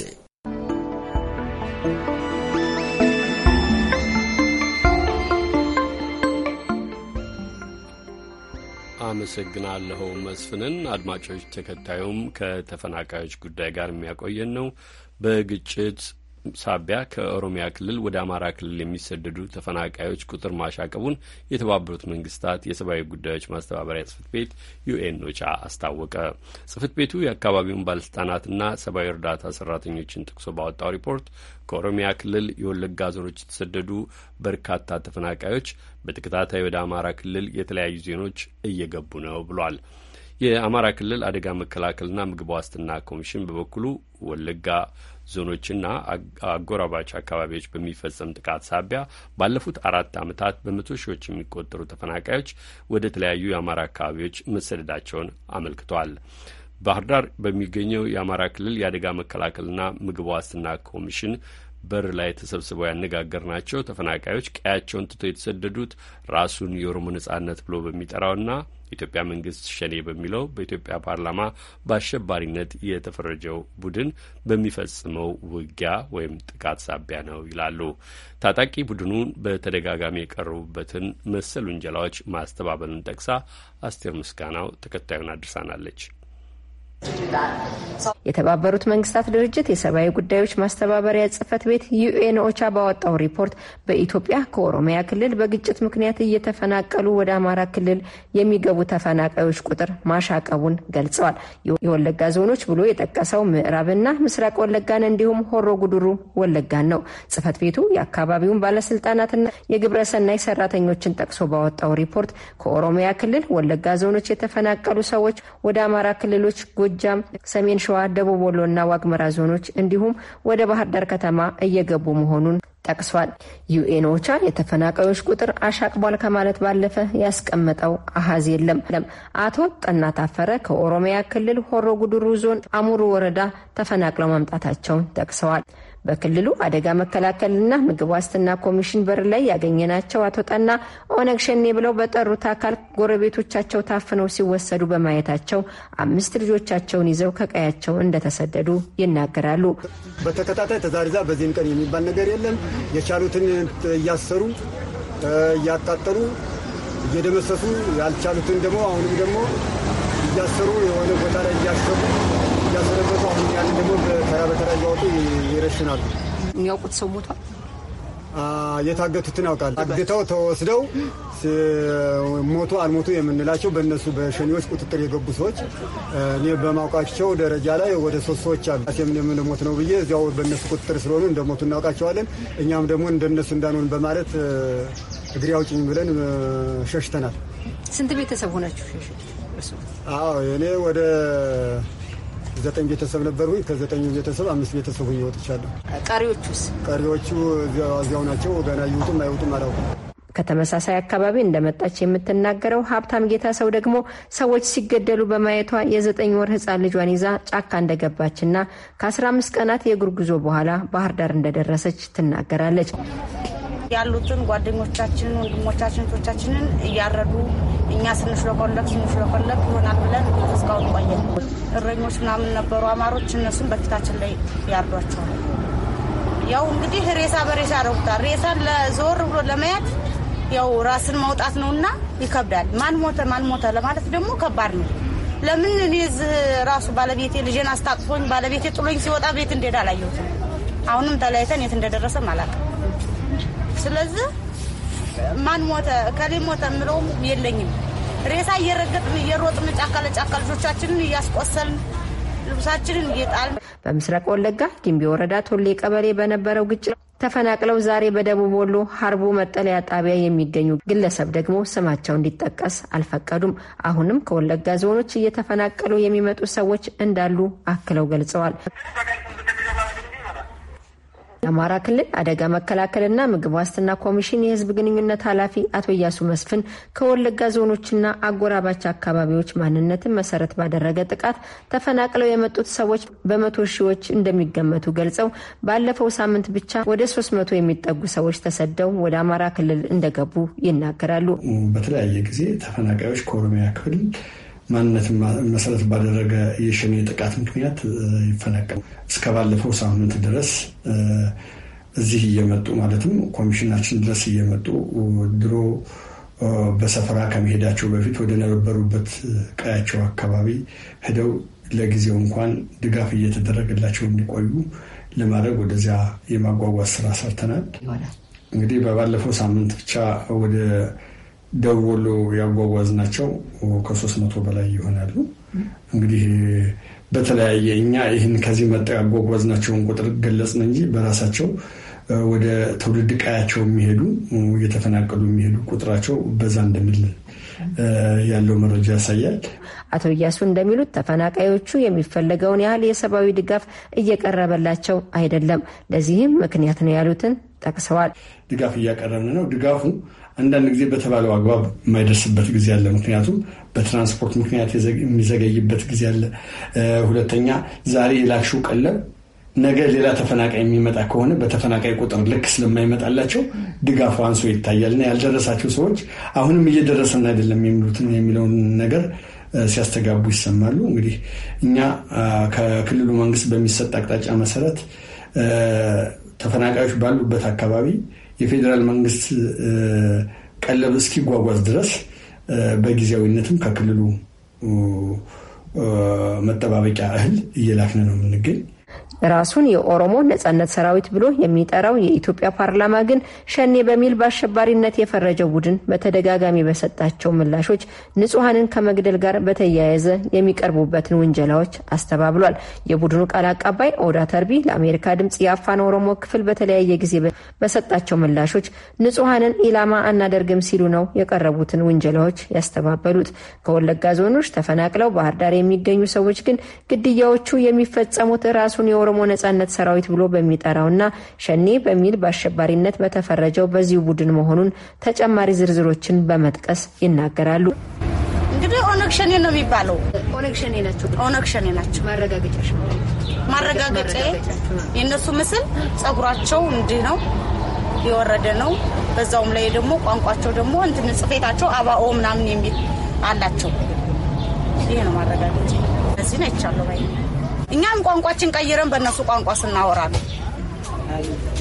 አመሰግናለሁ መስፍንን። አድማጮች፣ ተከታዩም ከተፈናቃዮች ጉዳይ ጋር የሚያቆየን ነው። በግጭት ሳቢያ ከኦሮሚያ ክልል ወደ አማራ ክልል የሚሰደዱ ተፈናቃዮች ቁጥር ማሻቀቡን የተባበሩት መንግስታት የሰብአዊ ጉዳዮች ማስተባበሪያ ጽህፈት ቤት ዩኤን ኦቻ አስታወቀ። ጽህፈት ቤቱ የአካባቢውን ባለስልጣናትና ሰብአዊ እርዳታ ሰራተኞችን ጠቅሶ ባወጣው ሪፖርት ከኦሮሚያ ክልል የወለጋ ዞኖች የተሰደዱ በርካታ ተፈናቃዮች በተከታታይ ወደ አማራ ክልል የተለያዩ ዜኖች እየገቡ ነው ብሏል። የአማራ ክልል አደጋ መከላከልና ምግብ ዋስትና ኮሚሽን በበኩሉ ወለጋ ዞኖችና አጎራባች አካባቢዎች በሚፈጸም ጥቃት ሳቢያ ባለፉት አራት ዓመታት በመቶ ሺዎች የሚቆጠሩ ተፈናቃዮች ወደ ተለያዩ የአማራ አካባቢዎች መሰደዳቸውን አመልክቷል። ባህር ዳር በሚገኘው የአማራ ክልል የአደጋ መከላከልና ምግብ ዋስትና ኮሚሽን በር ላይ ተሰብስበው ናቸው ተፈናቃዮች ቀያቸውን ትቶ የተሰደዱት ራሱን የኦሮሞ ነጻነት ብሎ በሚጠራውና የኢትዮጵያ መንግስት ሸኔ በሚለው በኢትዮጵያ ፓርላማ በአሸባሪነት የተፈረጀው ቡድን በሚፈጽመው ውጊያ ወይም ጥቃት ሳቢያ ነው ይላሉ። ታጣቂ ቡድኑን በተደጋጋሚ የቀረቡበትን መሰል ውንጀላዎች ማስተባበልን ጠቅሳ አስቴር ምስጋናው ተከታዩን አድርሳናለች። የተባበሩት መንግስታት ድርጅት የሰብአዊ ጉዳዮች ማስተባበሪያ ጽህፈት ቤት ዩኤን ኦቻ ባወጣው ሪፖርት በኢትዮጵያ ከኦሮሚያ ክልል በግጭት ምክንያት እየተፈናቀሉ ወደ አማራ ክልል የሚገቡ ተፈናቃዮች ቁጥር ማሻቀቡን ገልጸዋል። የወለጋ ዞኖች ብሎ የጠቀሰው ምዕራብና ምስራቅ ወለጋን እንዲሁም ሆሮ ጉድሩ ወለጋን ነው። ጽህፈት ቤቱ የአካባቢውን ባለስልጣናትና የግብረሰናይ ሰራተኞችን ጠቅሶ ባወጣው ሪፖርት ከኦሮሚያ ክልል ወለጋ ዞኖች የተፈናቀሉ ሰዎች ወደ አማራ ክልሎች ጎጃም፣ ሰሜን ሸዋ፣ ደቡብ ወሎና ዋግመራ ዞኖች እንዲሁም ወደ ባህር ዳር ከተማ እየገቡ መሆኑን ጠቅሷል። ዩኤን ኦቻ የተፈናቃዮች ቁጥር አሻቅቧል ከማለት ባለፈ ያስቀመጠው አሃዝ የለም። አቶ ጠና ታፈረ ከኦሮሚያ ክልል ሆሮ ጉድሩ ዞን አሙሩ ወረዳ ተፈናቅለው መምጣታቸውን ጠቅሰዋል። በክልሉ አደጋ መከላከልና ምግብ ዋስትና ኮሚሽን በር ላይ ያገኘናቸው አቶ ጠና ኦነግ ሸኔ ብለው በጠሩት አካል ጎረቤቶቻቸው ታፍነው ሲወሰዱ በማየታቸው አምስት ልጆቻቸውን ይዘው ከቀያቸው እንደተሰደዱ ይናገራሉ። በተከታታይ ተዛሪዛ በዚህም ቀን የሚባል ነገር የለም። የቻሉትን እያሰሩ እያቃጠሉ እየደመሰሱ ያልቻሉትን ደግሞ አሁንም ደግሞ እያሰሩ የሆነ ቦታ ላይ እያሰሩ እያዘረበቱ አሁን ያንን ደግሞ በተራ በተራ እያወጡ ይረሽናሉ። የሚያውቁት ሰው ሞቷል። የታገቱትን ያውቃል። አግተው ተወስደው ሞቱ አልሞቱ የምንላቸው በእነሱ በሸኒዎች ቁጥጥር የገቡ ሰዎች እኔ በማውቃቸው ደረጃ ላይ ወደ ሶስት ሰዎች አሉ። የምን ሞት ነው ብዬ እዚያው በእነሱ ቁጥጥር ስለሆኑ እንደሞቱ እናውቃቸዋለን። እኛም ደግሞ እንደነሱ እንዳንሆን በማለት እግሬ አውጭኝ ብለን ሸሽተናል። ስንት ቤተሰብ ሆናችሁ ሸሽ? እኔ ወደ ዘጠኝ ቤተሰብ ነበርኩኝ። ከዘጠኙ ቤተሰብ አምስት ቤተሰቡ ሁኜ ወጥቻለሁ። ቀሪዎቹስ? ቀሪዎቹ እዚያው ናቸው። ገና ይውጡም አይውጡም አላውቅም። ከተመሳሳይ አካባቢ እንደመጣች የምትናገረው ሀብታም ጌታ ሰው ደግሞ ሰዎች ሲገደሉ በማየቷ የዘጠኝ ወር ህፃን ልጇን ይዛ ጫካ እንደገባችና ከአስራ አምስት ቀናት የእግር ጉዞ በኋላ ባህር ዳር እንደደረሰች ትናገራለች። ያሉትን ጓደኞቻችንን፣ ወንድሞቻችን፣ እህቶቻችንን እያረዱ እኛ ስንሽለቆለቅ ስንሽለቆለቅ ይሆናል ብለን እስካሁን ቆየ። እረኞች ምናምን ነበሩ አማሮች፣ እነሱም በፊታችን ላይ ያርዷቸዋል። ያው እንግዲህ ሬሳ በሬሳ ያደርጉታል። ሬሳን ለዞር ብሎ ለመያት ያው ራስን ማውጣት ነውና ይከብዳል። ማን ሞተ ማን ሞተ ለማለት ደግሞ ከባድ ነው። ለምን እኔ እዚህ ራሱ ባለቤቴ ልጄን አስታቅፎኝ ባለቤቴ ጥሎኝ ሲወጣ ቤት እንደሄደ አላየሁትም። አሁንም ተለያይተን የት እንደደረሰም አላውቅም። ስለዚህ ማን ሞተ ከሌ ሞተ የምለውም የለኝም። ሬሳ እየረገጥን እየሮጥን ጫካ ለጫካ ልጆቻችንን እያስቆሰልን ልብሳችንን እየጣል በምስራቅ ወለጋ ጊምቢ ወረዳ ቶሌ ቀበሌ በነበረው ግጭት ተፈናቅለው ዛሬ በደቡብ ወሎ ሀርቦ መጠለያ ጣቢያ የሚገኙ ግለሰብ ደግሞ ስማቸው እንዲጠቀስ አልፈቀዱም። አሁንም ከወለጋ ዞኖች እየተፈናቀሉ የሚመጡ ሰዎች እንዳሉ አክለው ገልጸዋል። የአማራ ክልል አደጋ መከላከልና ምግብ ዋስትና ኮሚሽን የህዝብ ግንኙነት ኃላፊ አቶ እያሱ መስፍን ከወለጋ ዞኖችና አጎራባች አካባቢዎች ማንነትን መሰረት ባደረገ ጥቃት ተፈናቅለው የመጡት ሰዎች በመቶ ሺዎች እንደሚገመቱ ገልጸው ባለፈው ሳምንት ብቻ ወደ ሶስት መቶ የሚጠጉ ሰዎች ተሰደው ወደ አማራ ክልል እንደገቡ ይናገራሉ። በተለያየ ጊዜ ተፈናቃዮች ከኦሮሚያ ክልል ማንነት መሰረት ባደረገ የሸኔ ጥቃት ምክንያት ይፈናቀሉ እስከ ባለፈው ሳምንት ድረስ እዚህ እየመጡ ማለትም ኮሚሽናችን ድረስ እየመጡ ድሮ በሰፈራ ከመሄዳቸው በፊት ወደ ነበሩበት ቀያቸው አካባቢ ሄደው ለጊዜው እንኳን ድጋፍ እየተደረገላቸው እንዲቆዩ ለማድረግ ወደዚያ የማጓጓዝ ስራ ሰርተናል። እንግዲህ በባለፈው ሳምንት ብቻ ወደ ደቡብ ወሎ ያጓጓዝ ናቸው ከሶስት መቶ በላይ ይሆናሉ። እንግዲህ በተለያየ እኛ ይህን ከዚህ መጠ ያጓጓዝ ናቸውን ቁጥር ገለጽን እንጂ በራሳቸው ወደ ትውልድ ቀያቸው የሚሄዱ እየተፈናቀሉ የሚሄዱ ቁጥራቸው በዛ እንደሚል ያለው መረጃ ያሳያል። አቶ እያሱ እንደሚሉት ተፈናቃዮቹ የሚፈለገውን ያህል የሰብአዊ ድጋፍ እየቀረበላቸው አይደለም። ለዚህም ምክንያት ነው ያሉትን ጠቅሰዋል። ድጋፍ እያቀረብን ነው። ድጋፉ አንዳንድ ጊዜ በተባለው አግባብ የማይደርስበት ጊዜ አለ። ምክንያቱም በትራንስፖርት ምክንያት የሚዘገይበት ጊዜ አለ። ሁለተኛ ዛሬ የላክሽው ቀለብ ነገ ሌላ ተፈናቃይ የሚመጣ ከሆነ በተፈናቃይ ቁጥር ልክ ስለማይመጣላቸው ድጋፉ አንሶ እና ያልደረሳቸው ሰዎች አሁንም እየደረሰን አይደለም የሚሉትን የሚለውን ነገር ሲያስተጋቡ ይሰማሉ። እንግዲህ እኛ ከክልሉ መንግስት በሚሰጥ አቅጣጫ መሰረት ተፈናቃዮች ባሉበት አካባቢ የፌዴራል መንግስት ቀለብ እስኪጓጓዝ ድረስ በጊዜያዊነትም ከክልሉ መጠባበቂያ እህል እየላክነ ነው የምንገኝ። ራሱን የኦሮሞ ነጻነት ሰራዊት ብሎ የሚጠራው የኢትዮጵያ ፓርላማ ግን ሸኔ በሚል በአሸባሪነት የፈረጀው ቡድን በተደጋጋሚ በሰጣቸው ምላሾች ንጹሐንን ከመግደል ጋር በተያያዘ የሚቀርቡበትን ውንጀላዎች አስተባብሏል። የቡድኑ ቃል አቀባይ ኦዳ ተርቢ ለአሜሪካ ድምጽ የአፋን ኦሮሞ ክፍል በተለያየ ጊዜ በሰጣቸው ምላሾች ንጹሐንን ኢላማ አናደርግም ሲሉ ነው የቀረቡትን ውንጀላዎች ያስተባበሉት። ከወለጋ ዞኖች ተፈናቅለው ባህር ዳር የሚገኙ ሰዎች ግን ግድያዎቹ የሚፈጸሙት ራሱን የኦሮሞ ነጻነት ሰራዊት ብሎ በሚጠራውና ሸኔ በሚል በአሸባሪነት በተፈረጀው በዚሁ ቡድን መሆኑን ተጨማሪ ዝርዝሮችን በመጥቀስ ይናገራሉ። እንግዲህ ኦነግ ሸኔ ነው የሚባለው። ኦነግ ሸኔ ናቸው። ኦነግ ሸኔ ናቸው። ማረጋገጫ ማረጋገጫ የእነሱ ምስል ጸጉራቸው እንዲህ ነው የወረደ ነው። በዛውም ላይ ደግሞ ቋንቋቸው ደግሞ እንትን ጽፌታቸው አባኦ ምናምን የሚል አላቸው። ይሄ ነው ማረጋገጫ። እዚህ ነው ይቻለሁ ባይ እኛም ቋንቋችን ቀይረን በእነሱ ቋንቋ ስናወራለን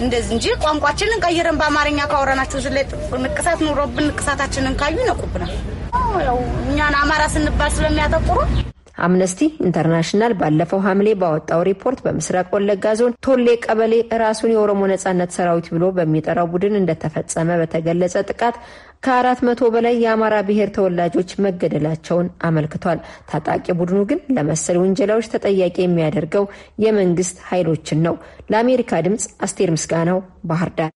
እንደዚህ እንጂ ቋንቋችንን ቀይረን በአማርኛ ካወራናቸው ዝላይ ንቅሳት ኑሮብን ንቅሳታችንን ካዩ ይነቁብናል። እኛን አማራ ስንባል ስለሚያተቁሩ አምነስቲ ኢንተርናሽናል ባለፈው ሐምሌ ባወጣው ሪፖርት በምስራቅ ወለጋ ዞን ቶሌ ቀበሌ ራሱን የኦሮሞ ነጻነት ሰራዊት ብሎ በሚጠራው ቡድን እንደተፈጸመ በተገለጸ ጥቃት ከአራት መቶ በላይ የአማራ ብሔር ተወላጆች መገደላቸውን አመልክቷል። ታጣቂ ቡድኑ ግን ለመሰል ውንጀላዎች ተጠያቂ የሚያደርገው የመንግስት ኃይሎችን ነው። ለአሜሪካ ድምፅ አስቴር ምስጋናው ባህር ዳር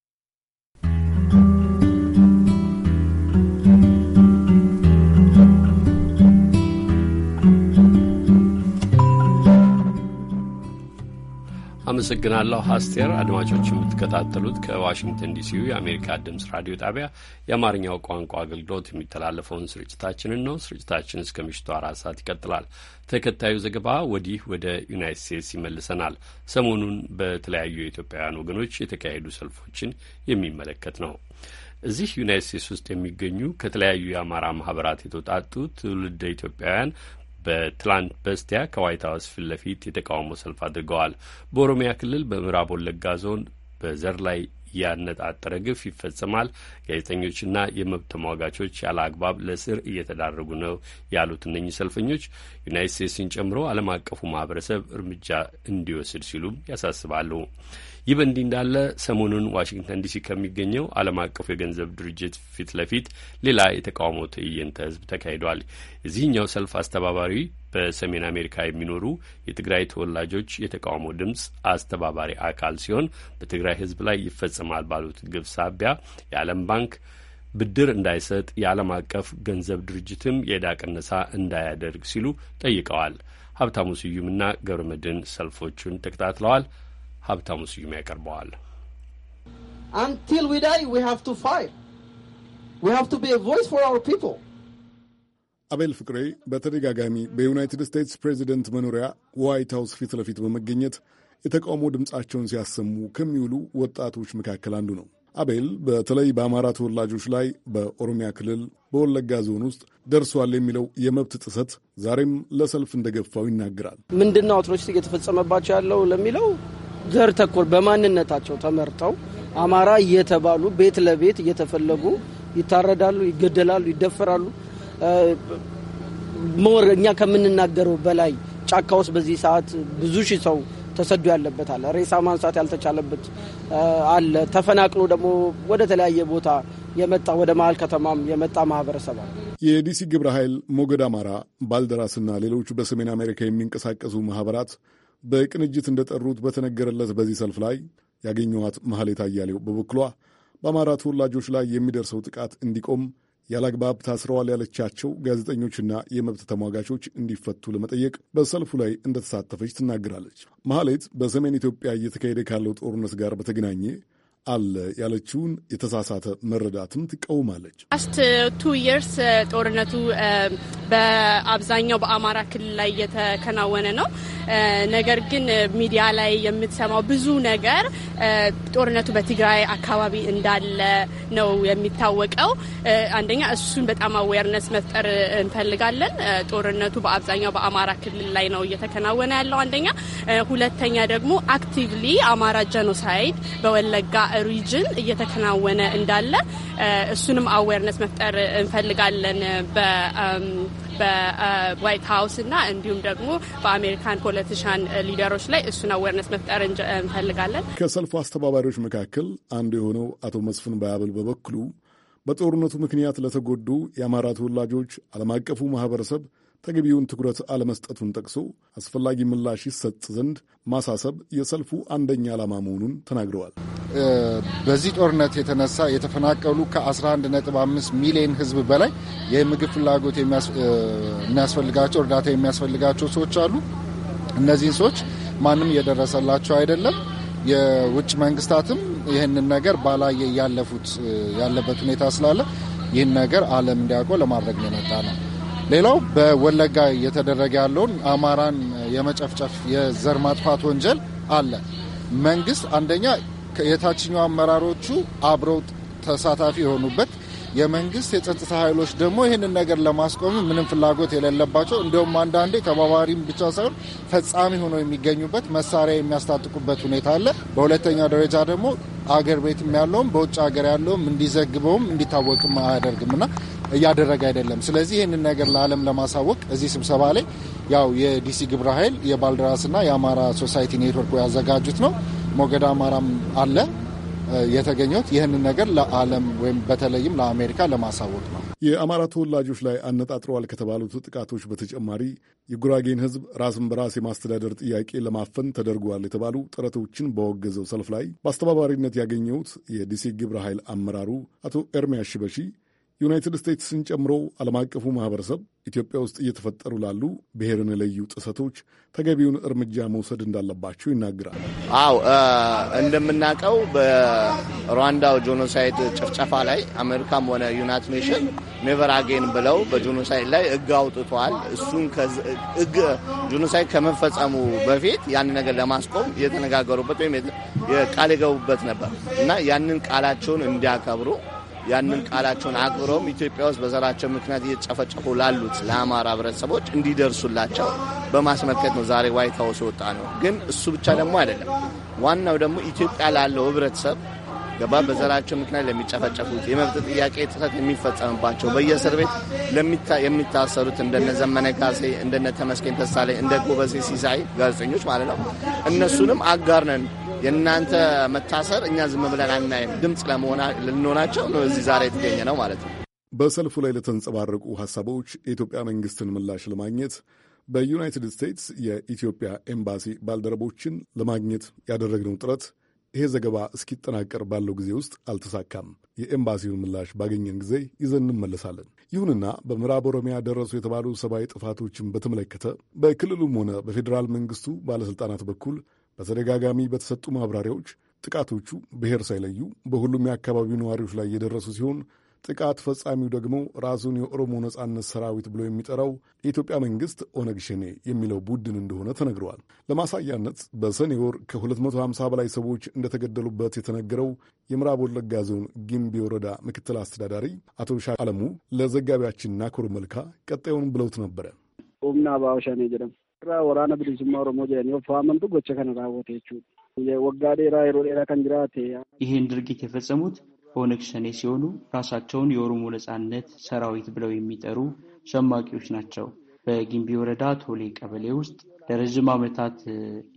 አመሰግናለሁ አስቴር። አድማጮች የምትከታተሉት ከዋሽንግተን ዲሲው የአሜሪካ ድምፅ ራዲዮ ጣቢያ የአማርኛው ቋንቋ አገልግሎት የሚተላለፈውን ስርጭታችንን ነው። ስርጭታችን እስከ ምሽቱ አራት ሰዓት ይቀጥላል። ተከታዩ ዘገባ ወዲህ ወደ ዩናይት ስቴትስ ይመልሰናል። ሰሞኑን በተለያዩ የኢትዮጵያውያን ወገኖች የተካሄዱ ሰልፎችን የሚመለከት ነው። እዚህ ዩናይት ስቴትስ ውስጥ የሚገኙ ከተለያዩ የአማራ ማህበራት የተውጣጡ ትውልደ ኢትዮጵያውያን በትላንት በስቲያ ከዋይት ሀውስ ፊት ለፊት የተቃውሞ ሰልፍ አድርገዋል። በኦሮሚያ ክልል በምዕራብ ወለጋ ዞን በዘር ላይ ያነጣጠረ ግፍ ይፈጸማል፣ ጋዜጠኞችና የመብት ተሟጋቾች ያለ አግባብ ለእስር እየተዳረጉ ነው ያሉት እነኚህ ሰልፈኞች ዩናይት ስቴትስን ጨምሮ ዓለም አቀፉ ማህበረሰብ እርምጃ እንዲወስድ ሲሉም ያሳስባሉ። ይህ በእንዲህ እንዳለ ሰሞኑን ዋሽንግተን ዲሲ ከሚገኘው ዓለም አቀፉ የገንዘብ ድርጅት ፊት ለፊት ሌላ የተቃውሞ ትዕይንተ ህዝብ ተካሂዷል። የዚህኛው ሰልፍ አስተባባሪ በሰሜን አሜሪካ የሚኖሩ የትግራይ ተወላጆች የተቃውሞ ድምፅ አስተባባሪ አካል ሲሆን በትግራይ ህዝብ ላይ ይፈጸማል ባሉት ግብ ሳቢያ የዓለም ባንክ ብድር እንዳይሰጥ የዓለም አቀፍ ገንዘብ ድርጅትም የዕዳ ቅነሳ እንዳያደርግ ሲሉ ጠይቀዋል። ሀብታሙ ስዩምና ገብረ ሰልፎቹን ተከታትለዋል። ሀብታሙ ስዩም ያቀርበዋል። አንቲል ዊ ዳይ ዊ ሃቭ ቱ ፋይት ዊ ሃቭ ቱ ቢ ቮይስ ፎር አወር ፒፕል አቤል ፍቅሬ በተደጋጋሚ በዩናይትድ ስቴትስ ፕሬዚደንት መኖሪያ ዋይት ሀውስ ፊት ለፊት በመገኘት የተቃውሞ ድምፃቸውን ሲያሰሙ ከሚውሉ ወጣቶች መካከል አንዱ ነው። አቤል በተለይ በአማራ ተወላጆች ላይ በኦሮሚያ ክልል በወለጋ ዞን ውስጥ ደርሷል የሚለው የመብት ጥሰት ዛሬም ለሰልፍ እንደገፋው ይናገራል። ምንድነው አትሮች እየተፈጸመባቸው ያለው ለሚለው ዘር ተኮር በማንነታቸው ተመርጠው አማራ እየተባሉ ቤት ለቤት እየተፈለጉ ይታረዳሉ፣ ይገደላሉ፣ ይደፈራሉ። ሞር እኛ ከምንናገረው በላይ ጫካ ውስጥ በዚህ ሰዓት ብዙ ሺህ ሰው ተሰዶ ያለበት አለ። ሬሳ ማንሳት ያልተቻለበት አለ። ተፈናቅሎ ደግሞ ወደ ተለያየ ቦታ የመጣ ወደ መሀል ከተማም የመጣ ማህበረሰብ አለ። የዲሲ ግብረ ኃይል ሞገድ አማራ ባልደራስና ሌሎች በሰሜን አሜሪካ የሚንቀሳቀሱ ማህበራት በቅንጅት እንደጠሩት በተነገረለት በዚህ ሰልፍ ላይ ያገኘኋት መሐሌት አያሌው በበኩሏ በአማራ ተወላጆች ላይ የሚደርሰው ጥቃት እንዲቆም ያላግባብ ታስረዋል ያለቻቸው ጋዜጠኞችና የመብት ተሟጋቾች እንዲፈቱ ለመጠየቅ በሰልፉ ላይ እንደተሳተፈች ትናገራለች። መሐሌት በሰሜን ኢትዮጵያ እየተካሄደ ካለው ጦርነት ጋር በተገናኘ አለ ያለችውን የተሳሳተ መረዳትም ትቃውማለች። ላስት ቱ ይርስ ጦርነቱ um, በአብዛኛው በአማራ ክልል ላይ እየተከናወነ ነው። uh, ነገር ግን uh, ሚዲያ ላይ የምትሰማው ብዙ ነገር uh, ጦርነቱ በትግራይ አካባቢ እንዳለ ነው የሚታወቀው። አንደኛ እሱን በጣም አዌርነስ መፍጠር እንፈልጋለን። ጦርነቱ በአብዛኛው በአማራ ክልል ላይ ነው እየተከናወነ ያለው አንደኛ። ሁለተኛ ደግሞ አክቲቭሊ አማራ ጀኖሳይድ በወለጋ ሪጅን እየተከናወነ እንዳለ እሱንም አዌርነስ መፍጠር እንፈልጋለን በዋይት ሀውስ እና እንዲሁም ደግሞ በአሜሪካን ፖለቲሻን ሊደሮች ላይ እሱን አዌርነስ መፍጠር እንፈልጋለን። ከሰልፉ አስተባባሪዎች መካከል አንዱ የሆነው አቶ መስፍን ባያብል በበኩሉ በጦርነቱ ምክንያት ለተጎዱ የአማራ ተወላጆች ዓለም አቀፉ ማህበረሰብ ተገቢውን ትኩረት አለመስጠቱን ጠቅሶ አስፈላጊ ምላሽ ይሰጥ ዘንድ ማሳሰብ የሰልፉ አንደኛ ዓላማ መሆኑን ተናግረዋል። በዚህ ጦርነት የተነሳ የተፈናቀሉ ከ11.5 ሚሊዮን ሕዝብ በላይ የምግብ ፍላጎት የሚያስፈልጋቸው እርዳታ የሚያስፈልጋቸው ሰዎች አሉ። እነዚህን ሰዎች ማንም እየደረሰላቸው አይደለም። የውጭ መንግስታትም ይህንን ነገር ባላየ ያለፉት ያለበት ሁኔታ ስላለ ይህን ነገር ዓለም እንዲያውቀው ለማድረግ ነው የመጣ ነው። ሌላው በወለጋ እየተደረገ ያለውን አማራን የመጨፍጨፍ የዘር ማጥፋት ወንጀል አለ። መንግስት አንደኛ የታችኛው አመራሮቹ አብረው ተሳታፊ የሆኑበት የመንግስት የጸጥታ ኃይሎች ደግሞ ይህንን ነገር ለማስቆም ምንም ፍላጎት የሌለባቸው እንዲሁም አንዳንዴ ተባባሪም ብቻ ሳይሆን ፈጻሚ ሆኖ የሚገኙበት መሳሪያ የሚያስታጥቁበት ሁኔታ አለ። በሁለተኛ ደረጃ ደግሞ አገር ቤትም ያለውም በውጭ ሀገር ያለውም እንዲዘግበውም እንዲታወቅም አያደርግም እያደረገ አይደለም። ስለዚህ ይህንን ነገር ለዓለም ለማሳወቅ እዚህ ስብሰባ ላይ ያው የዲሲ ግብረ ኃይል የባልደራስና የአማራ ሶሳይቲ ኔትወርክ ያዘጋጁት ነው። ሞገድ አማራም አለ የተገኘት ይህንን ነገር ለዓለም ወይም በተለይም ለአሜሪካ ለማሳወቅ ነው። የአማራ ተወላጆች ላይ አነጣጥረዋል ከተባሉት ጥቃቶች በተጨማሪ የጉራጌን ሕዝብ ራስን በራስ የማስተዳደር ጥያቄ ለማፈን ተደርጓል የተባሉ ጥረቶችን በወገዘው ሰልፍ ላይ በአስተባባሪነት ያገኘሁት የዲሲ ግብረ ኃይል አመራሩ አቶ ኤርሚያ ሽበሺ ዩናይትድ ስቴትስን ጨምሮ ዓለም አቀፉ ማህበረሰብ ኢትዮጵያ ውስጥ እየተፈጠሩ ላሉ ብሔርን የለዩ ጥሰቶች ተገቢውን እርምጃ መውሰድ እንዳለባቸው ይናገራል። አው እንደምናውቀው በሩዋንዳው ጆኖሳይድ ጭፍጨፋ ላይ አሜሪካም ሆነ ዩናይትድ ኔሽን ኔቨር አጌን ብለው በጆኖሳይድ ላይ እግ አውጥተዋል። እሱን ጆኖሳይድ ከመፈጸሙ በፊት ያን ነገር ለማስቆም የተነጋገሩበት ወይም ቃል የገቡበት ነበር እና ያንን ቃላቸውን እንዲያከብሩ ያንን ቃላቸውን አክብረውም ኢትዮጵያ ውስጥ በዘራቸው ምክንያት እየተጨፈጨፉ ላሉት ለአማራ ህብረተሰቦች እንዲደርሱላቸው በማስመልከት ነው ዛሬ ዋይት ሀውስ ወጣ ነው። ግን እሱ ብቻ ደግሞ አይደለም። ዋናው ደግሞ ኢትዮጵያ ላለው ህብረተሰብ ገባ በዘራቸው ምክንያት ለሚጨፈጨፉት የመብት ጥያቄ ጥሰት የሚፈጸምባቸው በየእስር ቤት የሚታሰሩት እንደነ ዘመነ ካሴ፣ እንደነ ተመስገን ተሳለኝ፣ እንደ ጎበዜ ሲሳይ ጋዜጠኞች ማለት ነው እነሱንም አጋርነን የእናንተ መታሰር እኛ ዝም ብለን አናይም፣ ድምፅ ልንሆናቸው ነው እዚህ ዛሬ የተገኘ ነው ማለት ነው። በሰልፉ ላይ ለተንጸባረቁ ሀሳቦች የኢትዮጵያ መንግስትን ምላሽ ለማግኘት በዩናይትድ ስቴትስ የኢትዮጵያ ኤምባሲ ባልደረቦችን ለማግኘት ያደረግነው ጥረት ይሄ ዘገባ እስኪጠናቀር ባለው ጊዜ ውስጥ አልተሳካም። የኤምባሲውን ምላሽ ባገኘን ጊዜ ይዘን እንመለሳለን። ይሁንና በምዕራብ ኦሮሚያ ደረሱ የተባሉ ሰብአዊ ጥፋቶችን በተመለከተ በክልሉም ሆነ በፌዴራል መንግስቱ ባለሥልጣናት በኩል በተደጋጋሚ በተሰጡ ማብራሪያዎች ጥቃቶቹ ብሔር ሳይለዩ በሁሉም የአካባቢው ነዋሪዎች ላይ የደረሱ ሲሆን ጥቃት ፈጻሚው ደግሞ ራሱን የኦሮሞ ነጻነት ሰራዊት ብሎ የሚጠራው የኢትዮጵያ መንግስት ኦነግ ሸኔ የሚለው ቡድን እንደሆነ ተነግረዋል። ለማሳያነት በሰኔ ወር ከ250 በላይ ሰዎች እንደተገደሉበት የተነገረው የምዕራብ ወለጋ ዞን ጊምቢ ወረዳ ምክትል አስተዳዳሪ አቶ ሻ አለሙ ለዘጋቢያችን ናኮር መልካ ቀጣዩን ብለውት ነበረ ኦምና ባሸኔ ጀደም waraana bilisummaa Oromoo jedhanii of waamantu gocha kana raawwate jechuudha. Waggaa dheeraa yeroo dheeraa kan jiraate. ይህን ድርጊት የፈጸሙት ኦነግ ሸኔ ሲሆኑ ራሳቸውን የኦሮሞ ነጻነት ሰራዊት ብለው የሚጠሩ ሸማቂዎች ናቸው። በጊምቢ ወረዳ ቶሌ ቀበሌ ውስጥ ለረዥም ዓመታት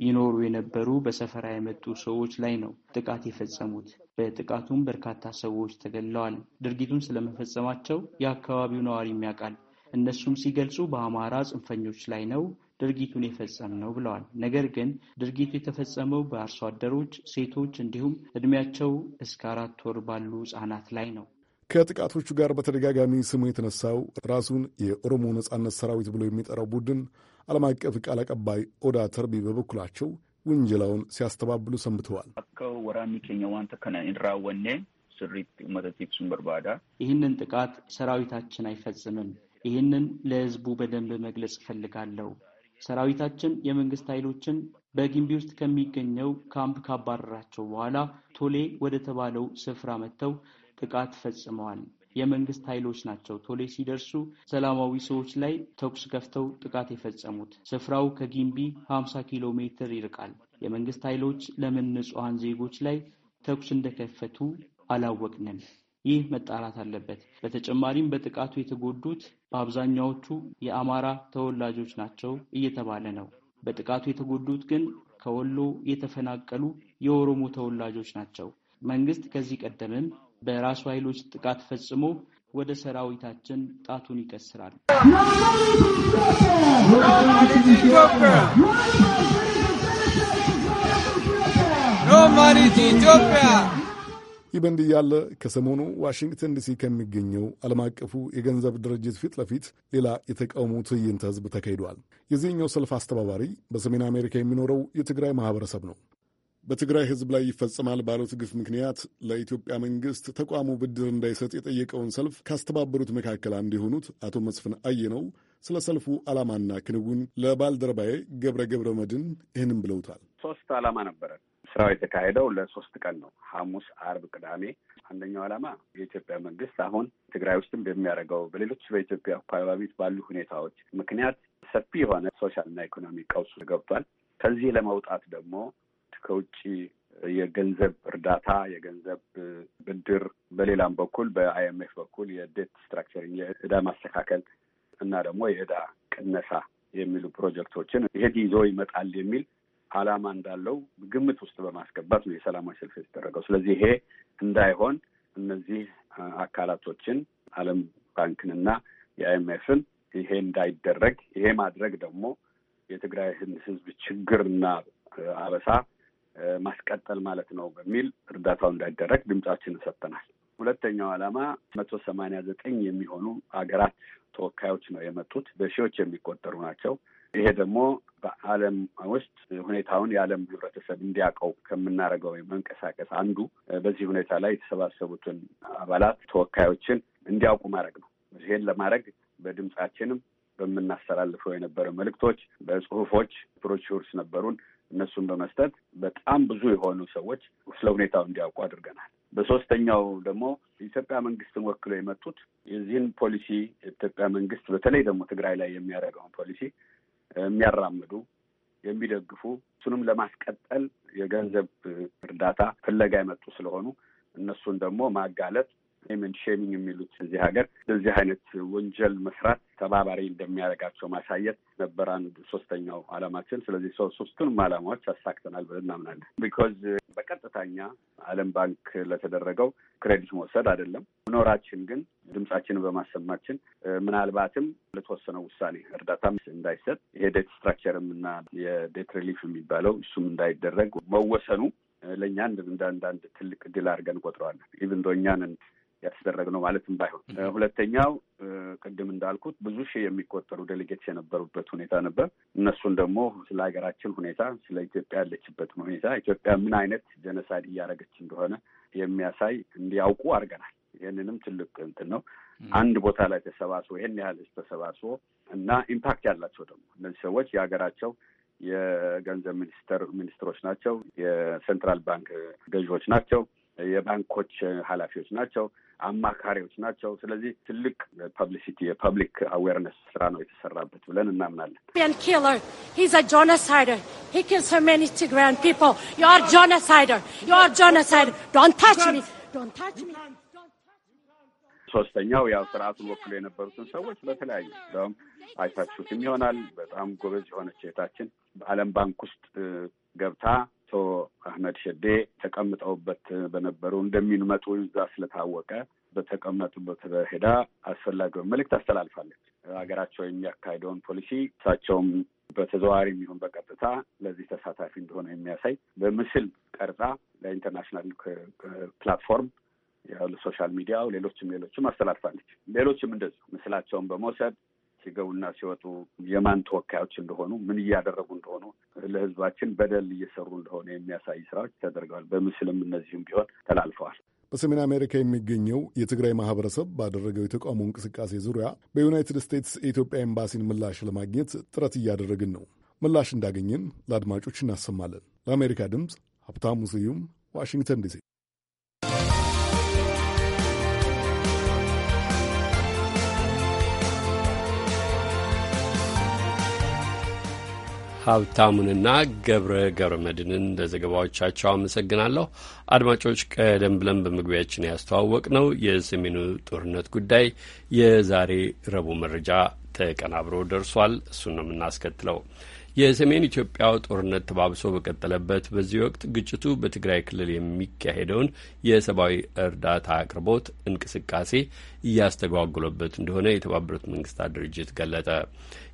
ይኖሩ የነበሩ በሰፈራ የመጡ ሰዎች ላይ ነው ጥቃት የፈጸሙት። በጥቃቱም በርካታ ሰዎች ተገድለዋል። ድርጊቱን ስለመፈጸማቸው የአካባቢው ነዋሪ የሚያውቃል። እነሱም ሲገልጹ በአማራ ጽንፈኞች ላይ ነው ድርጊቱን የፈጸም ነው ብለዋል። ነገር ግን ድርጊቱ የተፈጸመው በአርሶ አደሮች፣ ሴቶች እንዲሁም እድሜያቸው እስከ አራት ወር ባሉ ህጻናት ላይ ነው። ከጥቃቶቹ ጋር በተደጋጋሚ ስሙ የተነሳው ራሱን የኦሮሞ ነጻነት ሰራዊት ብሎ የሚጠራው ቡድን ዓለም አቀፍ ቃል አቀባይ ኦዳ ተርቢ በበኩላቸው ውንጀላውን ሲያስተባብሉ ሰንብተዋል። ወራሚ ኬኛ ዋንተ ከነ ወኔ ስሪት መተቲብሱን በርባዳ ይህንን ጥቃት ሰራዊታችን አይፈጽምም። ይህንን ለህዝቡ በደንብ መግለጽ እፈልጋለሁ። ሰራዊታችን የመንግስት ኃይሎችን በጊምቢ ውስጥ ከሚገኘው ካምፕ ካባረራቸው በኋላ ቶሌ ወደ ተባለው ስፍራ መጥተው ጥቃት ፈጽመዋል። የመንግስት ኃይሎች ናቸው ቶሌ ሲደርሱ ሰላማዊ ሰዎች ላይ ተኩስ ከፍተው ጥቃት የፈጸሙት። ስፍራው ከጊምቢ 50 ኪሎ ሜትር ይርቃል። የመንግስት ኃይሎች ለምን ንጹሐን ዜጎች ላይ ተኩስ እንደከፈቱ አላወቅንም። ይህ መጣራት አለበት። በተጨማሪም በጥቃቱ የተጎዱት በአብዛኛዎቹ የአማራ ተወላጆች ናቸው እየተባለ ነው። በጥቃቱ የተጎዱት ግን ከወሎ የተፈናቀሉ የኦሮሞ ተወላጆች ናቸው። መንግስት ከዚህ ቀደምም በራሱ ኃይሎች ጥቃት ፈጽሞ ወደ ሰራዊታችን ጣቱን ይቀስራል። ኢትዮጵያ ይህ በእንዲህ ያለ ከሰሞኑ ዋሽንግተን ዲሲ ከሚገኘው ዓለም አቀፉ የገንዘብ ድርጅት ፊት ለፊት ሌላ የተቃውሞ ትዕይንተ ህዝብ ተካሂዷል። የዚህኛው ሰልፍ አስተባባሪ በሰሜን አሜሪካ የሚኖረው የትግራይ ማህበረሰብ ነው። በትግራይ ህዝብ ላይ ይፈጸማል ባሉት ግፍ ምክንያት ለኢትዮጵያ መንግስት ተቋሙ ብድር እንዳይሰጥ የጠየቀውን ሰልፍ ካስተባበሩት መካከል አንዱ የሆኑት አቶ መስፍን አየነው ስለ ሰልፉ ዓላማና ክንውን ለባልደረባዬ ገብረ ገብረ መድን ይህንም ብለውታል። ሶስት ዓላማ ነበረ። ስራው የተካሄደው ለሶስት ቀን ነው፣ ሐሙስ፣ አርብ፣ ቅዳሜ። አንደኛው ዓላማ የኢትዮጵያ መንግስት አሁን ትግራይ ውስጥም በሚያደርገው በሌሎች በኢትዮጵያ አካባቢት ባሉ ሁኔታዎች ምክንያት ሰፊ የሆነ ሶሻልና ኢኮኖሚ ቀውሱ ገብቷል። ከዚህ ለመውጣት ደግሞ ከውጭ የገንዘብ እርዳታ፣ የገንዘብ ብድር፣ በሌላም በኩል በአይኤምኤፍ በኩል የዴት ስትራክቸሪንግ የእዳ ማስተካከል እና ደግሞ የእዳ ቅነሳ የሚሉ ፕሮጀክቶችን ይሄ ይዞ ይመጣል የሚል ዓላማ እንዳለው ግምት ውስጥ በማስገባት ነው የሰላማዊ ሰልፍ የተደረገው። ስለዚህ ይሄ እንዳይሆን እነዚህ አካላቶችን ዓለም ባንክንና የአይኤምኤፍን ይሄ እንዳይደረግ ይሄ ማድረግ ደግሞ የትግራይ ሕዝብ ችግርና አበሳ ማስቀጠል ማለት ነው በሚል እርዳታው እንዳይደረግ ድምጻችንን ሰጥተናል። ሁለተኛው ዓላማ መቶ ሰማንያ ዘጠኝ የሚሆኑ አገራት ተወካዮች ነው የመጡት። በሺዎች የሚቆጠሩ ናቸው። ይሄ ደግሞ በዓለም ውስጥ ሁኔታውን የዓለም ህብረተሰብ እንዲያውቀው ከምናደርገው መንቀሳቀስ አንዱ በዚህ ሁኔታ ላይ የተሰባሰቡትን አባላት ተወካዮችን እንዲያውቁ ማድረግ ነው። ይሄን ለማድረግ በድምጻችንም በምናስተላልፈው የነበረ መልእክቶች፣ በጽሁፎች ብሮሹርስ ነበሩን። እነሱን በመስጠት በጣም ብዙ የሆኑ ሰዎች ስለ ሁኔታው እንዲያውቁ አድርገናል። በሶስተኛው ደግሞ የኢትዮጵያ መንግስትን ወክሎ የመጡት የዚህን ፖሊሲ ኢትዮጵያ መንግስት በተለይ ደግሞ ትግራይ ላይ የሚያደርገውን ፖሊሲ የሚያራምዱ የሚደግፉ እሱንም ለማስቀጠል የገንዘብ እርዳታ ፍለጋ የመጡ ስለሆኑ እነሱን ደግሞ ማጋለጥ ምን ሼሚንግ የሚሉት እዚህ ሀገር እንደዚህ አይነት ወንጀል መስራት ተባባሪ እንደሚያደርጋቸው ማሳየት ነበር አንድ ሶስተኛው አላማችን። ስለዚህ ሶስቱንም አላማዎች አሳክተናል ብለን እናምናለን ቢኮዝ በቀጥታኛ ዓለም ባንክ ለተደረገው ክሬዲት መውሰድ አይደለም። መኖራችን ግን ድምፃችንን በማሰማችን ምናልባትም ለተወሰነው ውሳኔ እርዳታም እንዳይሰጥ የደት ስትራክቸርም እና የዴት ሪሊፍ የሚባለው እሱም እንዳይደረግ መወሰኑ ለእኛ እንዳንድ ትልቅ ድል አድርገን ቆጥረዋለን። ኢቭን ዶ እኛንን ነው ማለትም ባይሆን፣ ሁለተኛው ቅድም እንዳልኩት ብዙ ሺህ የሚቆጠሩ ዴሌጌትስ የነበሩበት ሁኔታ ነበር። እነሱን ደግሞ ስለ ሀገራችን ሁኔታ፣ ስለ ኢትዮጵያ ያለችበት ሁኔታ፣ ኢትዮጵያ ምን አይነት ጀነሳይድ እያደረገች እንደሆነ የሚያሳይ እንዲያውቁ አድርገናል። ይህንንም ትልቅ እንትን ነው። አንድ ቦታ ላይ ተሰባስቦ ይህን ያህል ህዝብ ተሰባስቦ እና ኢምፓክት ያላቸው ደግሞ እነዚህ ሰዎች የሀገራቸው የገንዘብ ሚኒስተር ሚኒስትሮች ናቸው። የሴንትራል ባንክ ገዢዎች ናቸው። የባንኮች ኃላፊዎች ናቸው። አማካሪዎች ናቸው። ስለዚህ ትልቅ ፐብሊሲቲ የፐብሊክ አዌርነስ ስራ ነው የተሰራበት ብለን እናምናለን። ሶስተኛው ያው ስርዓቱን ወክሎ የነበሩትን ሰዎች በተለያዩ እንደውም አይታችሁትም ይሆናል። በጣም ጎበዝ የሆነች እህታችን በዓለም ባንክ ውስጥ ገብታ አቶ አህመድ ሸዴ ተቀምጠውበት በነበሩ እንደሚመጡ እዛ ስለታወቀ በተቀመጡበት ሄዳ አስፈላጊውን መልእክት አስተላልፋለች። ሀገራቸው የሚያካሄደውን ፖሊሲ እሳቸውም በተዘዋዋሪ የሚሆን በቀጥታ ለዚህ ተሳታፊ እንደሆነ የሚያሳይ በምስል ቀርጻ ለኢንተርናሽናል ፕላትፎርም ያው ለሶሻል ሚዲያው ሌሎችም ሌሎችም አስተላልፋለች። ሌሎችም እንደዚሁ ምስላቸውን በመውሰድ ሲገቡና ሲወጡ የማን ተወካዮች እንደሆኑ፣ ምን እያደረጉ እንደሆኑ፣ ለህዝባችን በደል እየሰሩ እንደሆነ የሚያሳይ ስራዎች ተደርገዋል። በምስልም እነዚህም ቢሆን ተላልፈዋል። በሰሜን አሜሪካ የሚገኘው የትግራይ ማህበረሰብ ባደረገው የተቃውሞ እንቅስቃሴ ዙሪያ በዩናይትድ ስቴትስ የኢትዮጵያ ኤምባሲን ምላሽ ለማግኘት ጥረት እያደረግን ነው። ምላሽ እንዳገኘን ለአድማጮች እናሰማለን። ለአሜሪካ ድምፅ ሀብታሙ ስዩም ዋሽንግተን ዲሲ ሀብታሙንና ገብረ ገብረ መድንን ለዘገባዎቻቸው አመሰግናለሁ። አድማጮች፣ ቀደም ብለን በመግቢያችን ያስተዋወቅ ነው የሰሜኑ ጦርነት ጉዳይ የዛሬ ረቡዕ መረጃ ተቀናብሮ ደርሷል። እሱን ነው የምናስከትለው። የሰሜን ኢትዮጵያው ጦርነት ተባብሶ በቀጠለበት በዚህ ወቅት ግጭቱ በትግራይ ክልል የሚካሄደውን የሰብአዊ እርዳታ አቅርቦት እንቅስቃሴ እያስተጓጉለበት እንደሆነ የተባበሩት መንግስታት ድርጅት ገለጠ።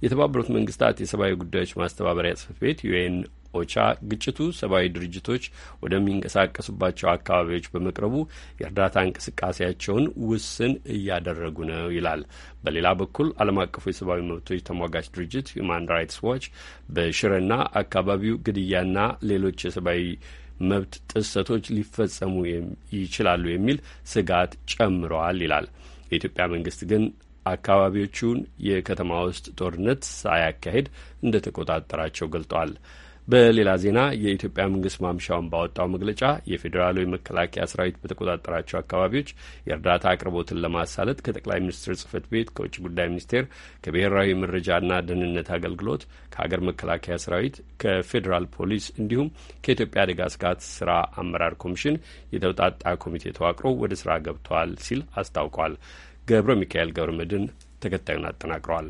የተባበሩት መንግስታት የሰብአዊ ጉዳዮች ማስተባበሪያ ጽህፈት ቤት ዩኤን ኦቻ ግጭቱ ሰብአዊ ድርጅቶች ወደሚንቀሳቀሱባቸው አካባቢዎች በመቅረቡ የእርዳታ እንቅስቃሴያቸውን ውስን እያደረጉ ነው ይላል። በሌላ በኩል ዓለም አቀፉ የሰብአዊ መብቶች ተሟጋች ድርጅት ሁማን ራይትስ ዋች በሽረና አካባቢው ግድያና ሌሎች የሰብአዊ መብት ጥሰቶች ሊፈጸሙ ይችላሉ የሚል ስጋት ጨምረዋል ይላል። የኢትዮጵያ መንግስት ግን አካባቢዎቹን የከተማ ውስጥ ጦርነት ሳያካሂድ እንደተቆጣጠራቸው ገልጠዋል። በሌላ ዜና የኢትዮጵያ መንግስት ማምሻውን ባወጣው መግለጫ የፌዴራሉ የመከላከያ ሰራዊት በተቆጣጠራቸው አካባቢዎች የእርዳታ አቅርቦትን ለማሳለጥ ከጠቅላይ ሚኒስትር ጽህፈት ቤት፣ ከውጭ ጉዳይ ሚኒስቴር፣ ከብሔራዊ መረጃና ደህንነት አገልግሎት፣ ከሀገር መከላከያ ሰራዊት፣ ከፌዴራል ፖሊስ እንዲሁም ከኢትዮጵያ አደጋ ስጋት ስራ አመራር ኮሚሽን የተውጣጣ ኮሚቴ ተዋቅሮ ወደ ስራ ገብተዋል ሲል አስታውቋል። ገብረ ሚካኤል ገብረ መድን ተከታዩን አጠናቅረዋል።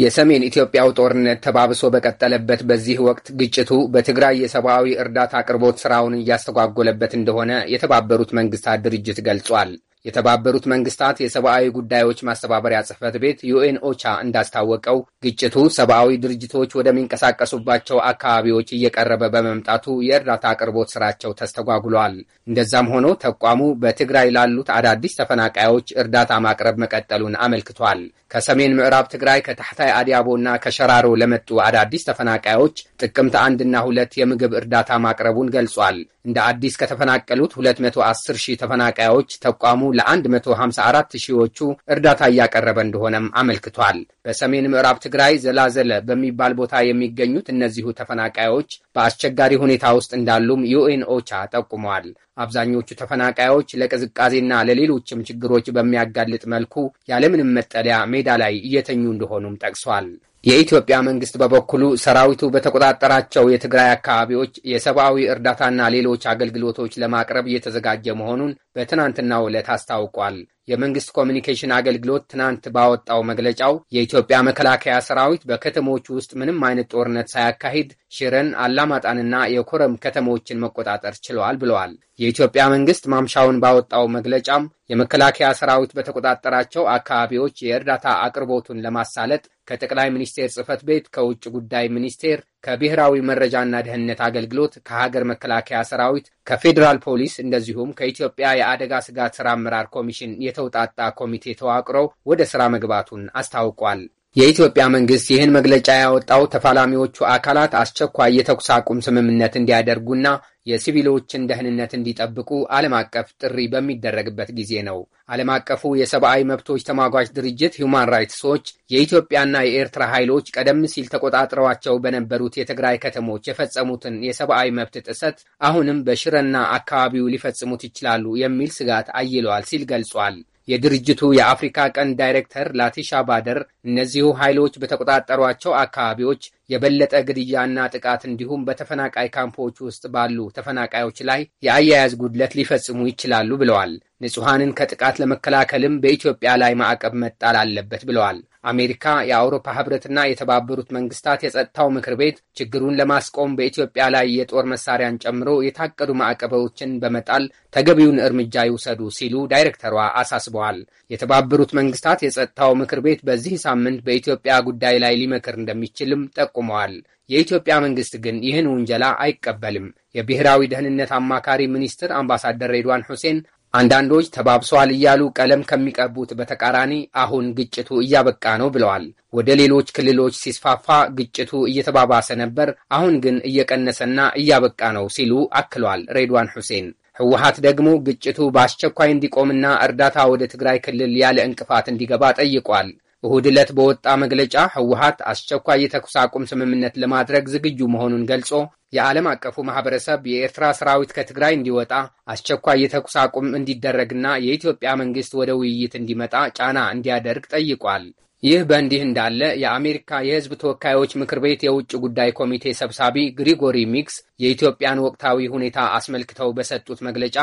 የሰሜን ኢትዮጵያው ጦርነት ተባብሶ በቀጠለበት በዚህ ወቅት ግጭቱ በትግራይ የሰብአዊ እርዳታ አቅርቦት ስራውን እያስተጓጎለበት እንደሆነ የተባበሩት መንግስታት ድርጅት ገልጿል። የተባበሩት መንግስታት የሰብአዊ ጉዳዮች ማስተባበሪያ ጽህፈት ቤት ዩኤን ኦቻ እንዳስታወቀው ግጭቱ ሰብአዊ ድርጅቶች ወደሚንቀሳቀሱባቸው አካባቢዎች እየቀረበ በመምጣቱ የእርዳታ አቅርቦት ስራቸው ተስተጓጉሏል። እንደዛም ሆኖ ተቋሙ በትግራይ ላሉት አዳዲስ ተፈናቃዮች እርዳታ ማቅረብ መቀጠሉን አመልክቷል። ከሰሜን ምዕራብ ትግራይ ከታሕታይ እና ከሸራሮ ለመጡ አዳዲስ ተፈናቃዮች ጥቅምት አንድና ሁለት የምግብ እርዳታ ማቅረቡን ገልጿል። እንደ አዲስ ከተፈናቀሉት 210 ሺህ ተፈናቃዮች ተቋሙ ለ154 ሺዎቹ እርዳታ እያቀረበ እንደሆነም አመልክቷል። በሰሜን ምዕራብ ትግራይ ዘላዘለ በሚባል ቦታ የሚገኙት እነዚሁ ተፈናቃዮች በአስቸጋሪ ሁኔታ ውስጥ እንዳሉም ዩኤን ኦቻ ጠቁመዋል። አብዛኞቹ ተፈናቃዮች ለቅዝቃዜና ለሌሎችም ችግሮች በሚያጋልጥ መልኩ ያለምንም መጠለያ ሜዳ ላይ እየተኙ እንደሆኑም ጠቅሷል። የኢትዮጵያ መንግስት በበኩሉ ሰራዊቱ በተቆጣጠራቸው የትግራይ አካባቢዎች የሰብአዊ እርዳታና ሌሎች አገልግሎቶች ለማቅረብ እየተዘጋጀ መሆኑን በትናንትናው ዕለት አስታውቋል። የመንግስት ኮሚኒኬሽን አገልግሎት ትናንት ባወጣው መግለጫው የኢትዮጵያ መከላከያ ሰራዊት በከተሞች ውስጥ ምንም አይነት ጦርነት ሳያካሂድ ሽረን፣ አላማጣንና የኮረም ከተሞችን መቆጣጠር ችለዋል ብለዋል። የኢትዮጵያ መንግስት ማምሻውን ባወጣው መግለጫም የመከላከያ ሰራዊት በተቆጣጠራቸው አካባቢዎች የእርዳታ አቅርቦቱን ለማሳለጥ ከጠቅላይ ሚኒስቴር ጽህፈት ቤት፣ ከውጭ ጉዳይ ሚኒስቴር፣ ከብሔራዊ መረጃና ደህንነት አገልግሎት፣ ከሀገር መከላከያ ሰራዊት፣ ከፌዴራል ፖሊስ እንደዚሁም ከኢትዮጵያ የአደጋ ስጋት ስራ አመራር ኮሚሽን የተውጣጣ ኮሚቴ ተዋቅሮ ወደ ስራ መግባቱን አስታውቋል። የኢትዮጵያ መንግስት ይህን መግለጫ ያወጣው ተፋላሚዎቹ አካላት አስቸኳይ የተኩስ አቁም ስምምነት እንዲያደርጉና የሲቪሎችን ደህንነት እንዲጠብቁ ዓለም አቀፍ ጥሪ በሚደረግበት ጊዜ ነው። ዓለም አቀፉ የሰብአዊ መብቶች ተሟጋች ድርጅት ሁማን ራይትስ ዎች የኢትዮጵያና የኤርትራ ኃይሎች ቀደም ሲል ተቆጣጥረዋቸው በነበሩት የትግራይ ከተሞች የፈጸሙትን የሰብአዊ መብት ጥሰት አሁንም በሽረና አካባቢው ሊፈጽሙት ይችላሉ የሚል ስጋት አይለዋል ሲል ገልጿል። የድርጅቱ የአፍሪካ ቀንድ ዳይሬክተር ላቲሻ ባደር እነዚሁ ኃይሎች በተቆጣጠሯቸው አካባቢዎች የበለጠ ግድያና ጥቃት እንዲሁም በተፈናቃይ ካምፖች ውስጥ ባሉ ተፈናቃዮች ላይ የአያያዝ ጉድለት ሊፈጽሙ ይችላሉ ብለዋል። ንጹሐንን ከጥቃት ለመከላከልም በኢትዮጵያ ላይ ማዕቀብ መጣል አለበት ብለዋል። አሜሪካ፣ የአውሮፓ ህብረትና የተባበሩት መንግስታት የጸጥታው ምክር ቤት ችግሩን ለማስቆም በኢትዮጵያ ላይ የጦር መሳሪያን ጨምሮ የታቀዱ ማዕቀቦችን በመጣል ተገቢውን እርምጃ ይውሰዱ ሲሉ ዳይሬክተሯ አሳስበዋል። የተባበሩት መንግስታት የጸጥታው ምክር ቤት በዚህ ሳምንት በኢትዮጵያ ጉዳይ ላይ ሊመክር እንደሚችልም ጠቁመዋል። የኢትዮጵያ መንግስት ግን ይህን ውንጀላ አይቀበልም። የብሔራዊ ደህንነት አማካሪ ሚኒስትር አምባሳደር ሬድዋን ሁሴን አንዳንዶች ተባብሰዋል እያሉ ቀለም ከሚቀቡት በተቃራኒ አሁን ግጭቱ እያበቃ ነው ብለዋል። ወደ ሌሎች ክልሎች ሲስፋፋ ግጭቱ እየተባባሰ ነበር፣ አሁን ግን እየቀነሰና እያበቃ ነው ሲሉ አክሏል። ሬድዋን ሁሴን። ህወሀት ደግሞ ግጭቱ በአስቸኳይ እንዲቆምና እርዳታ ወደ ትግራይ ክልል ያለ እንቅፋት እንዲገባ ጠይቋል። እሁድ ዕለት በወጣ መግለጫ ህወሀት አስቸኳይ የተኩስ አቁም ስምምነት ለማድረግ ዝግጁ መሆኑን ገልጾ የዓለም አቀፉ ማህበረሰብ የኤርትራ ሰራዊት ከትግራይ እንዲወጣ አስቸኳይ የተኩስ አቁም እንዲደረግና የኢትዮጵያ መንግስት ወደ ውይይት እንዲመጣ ጫና እንዲያደርግ ጠይቋል። ይህ በእንዲህ እንዳለ የአሜሪካ የሕዝብ ተወካዮች ምክር ቤት የውጭ ጉዳይ ኮሚቴ ሰብሳቢ ግሪጎሪ ሚክስ የኢትዮጵያን ወቅታዊ ሁኔታ አስመልክተው በሰጡት መግለጫ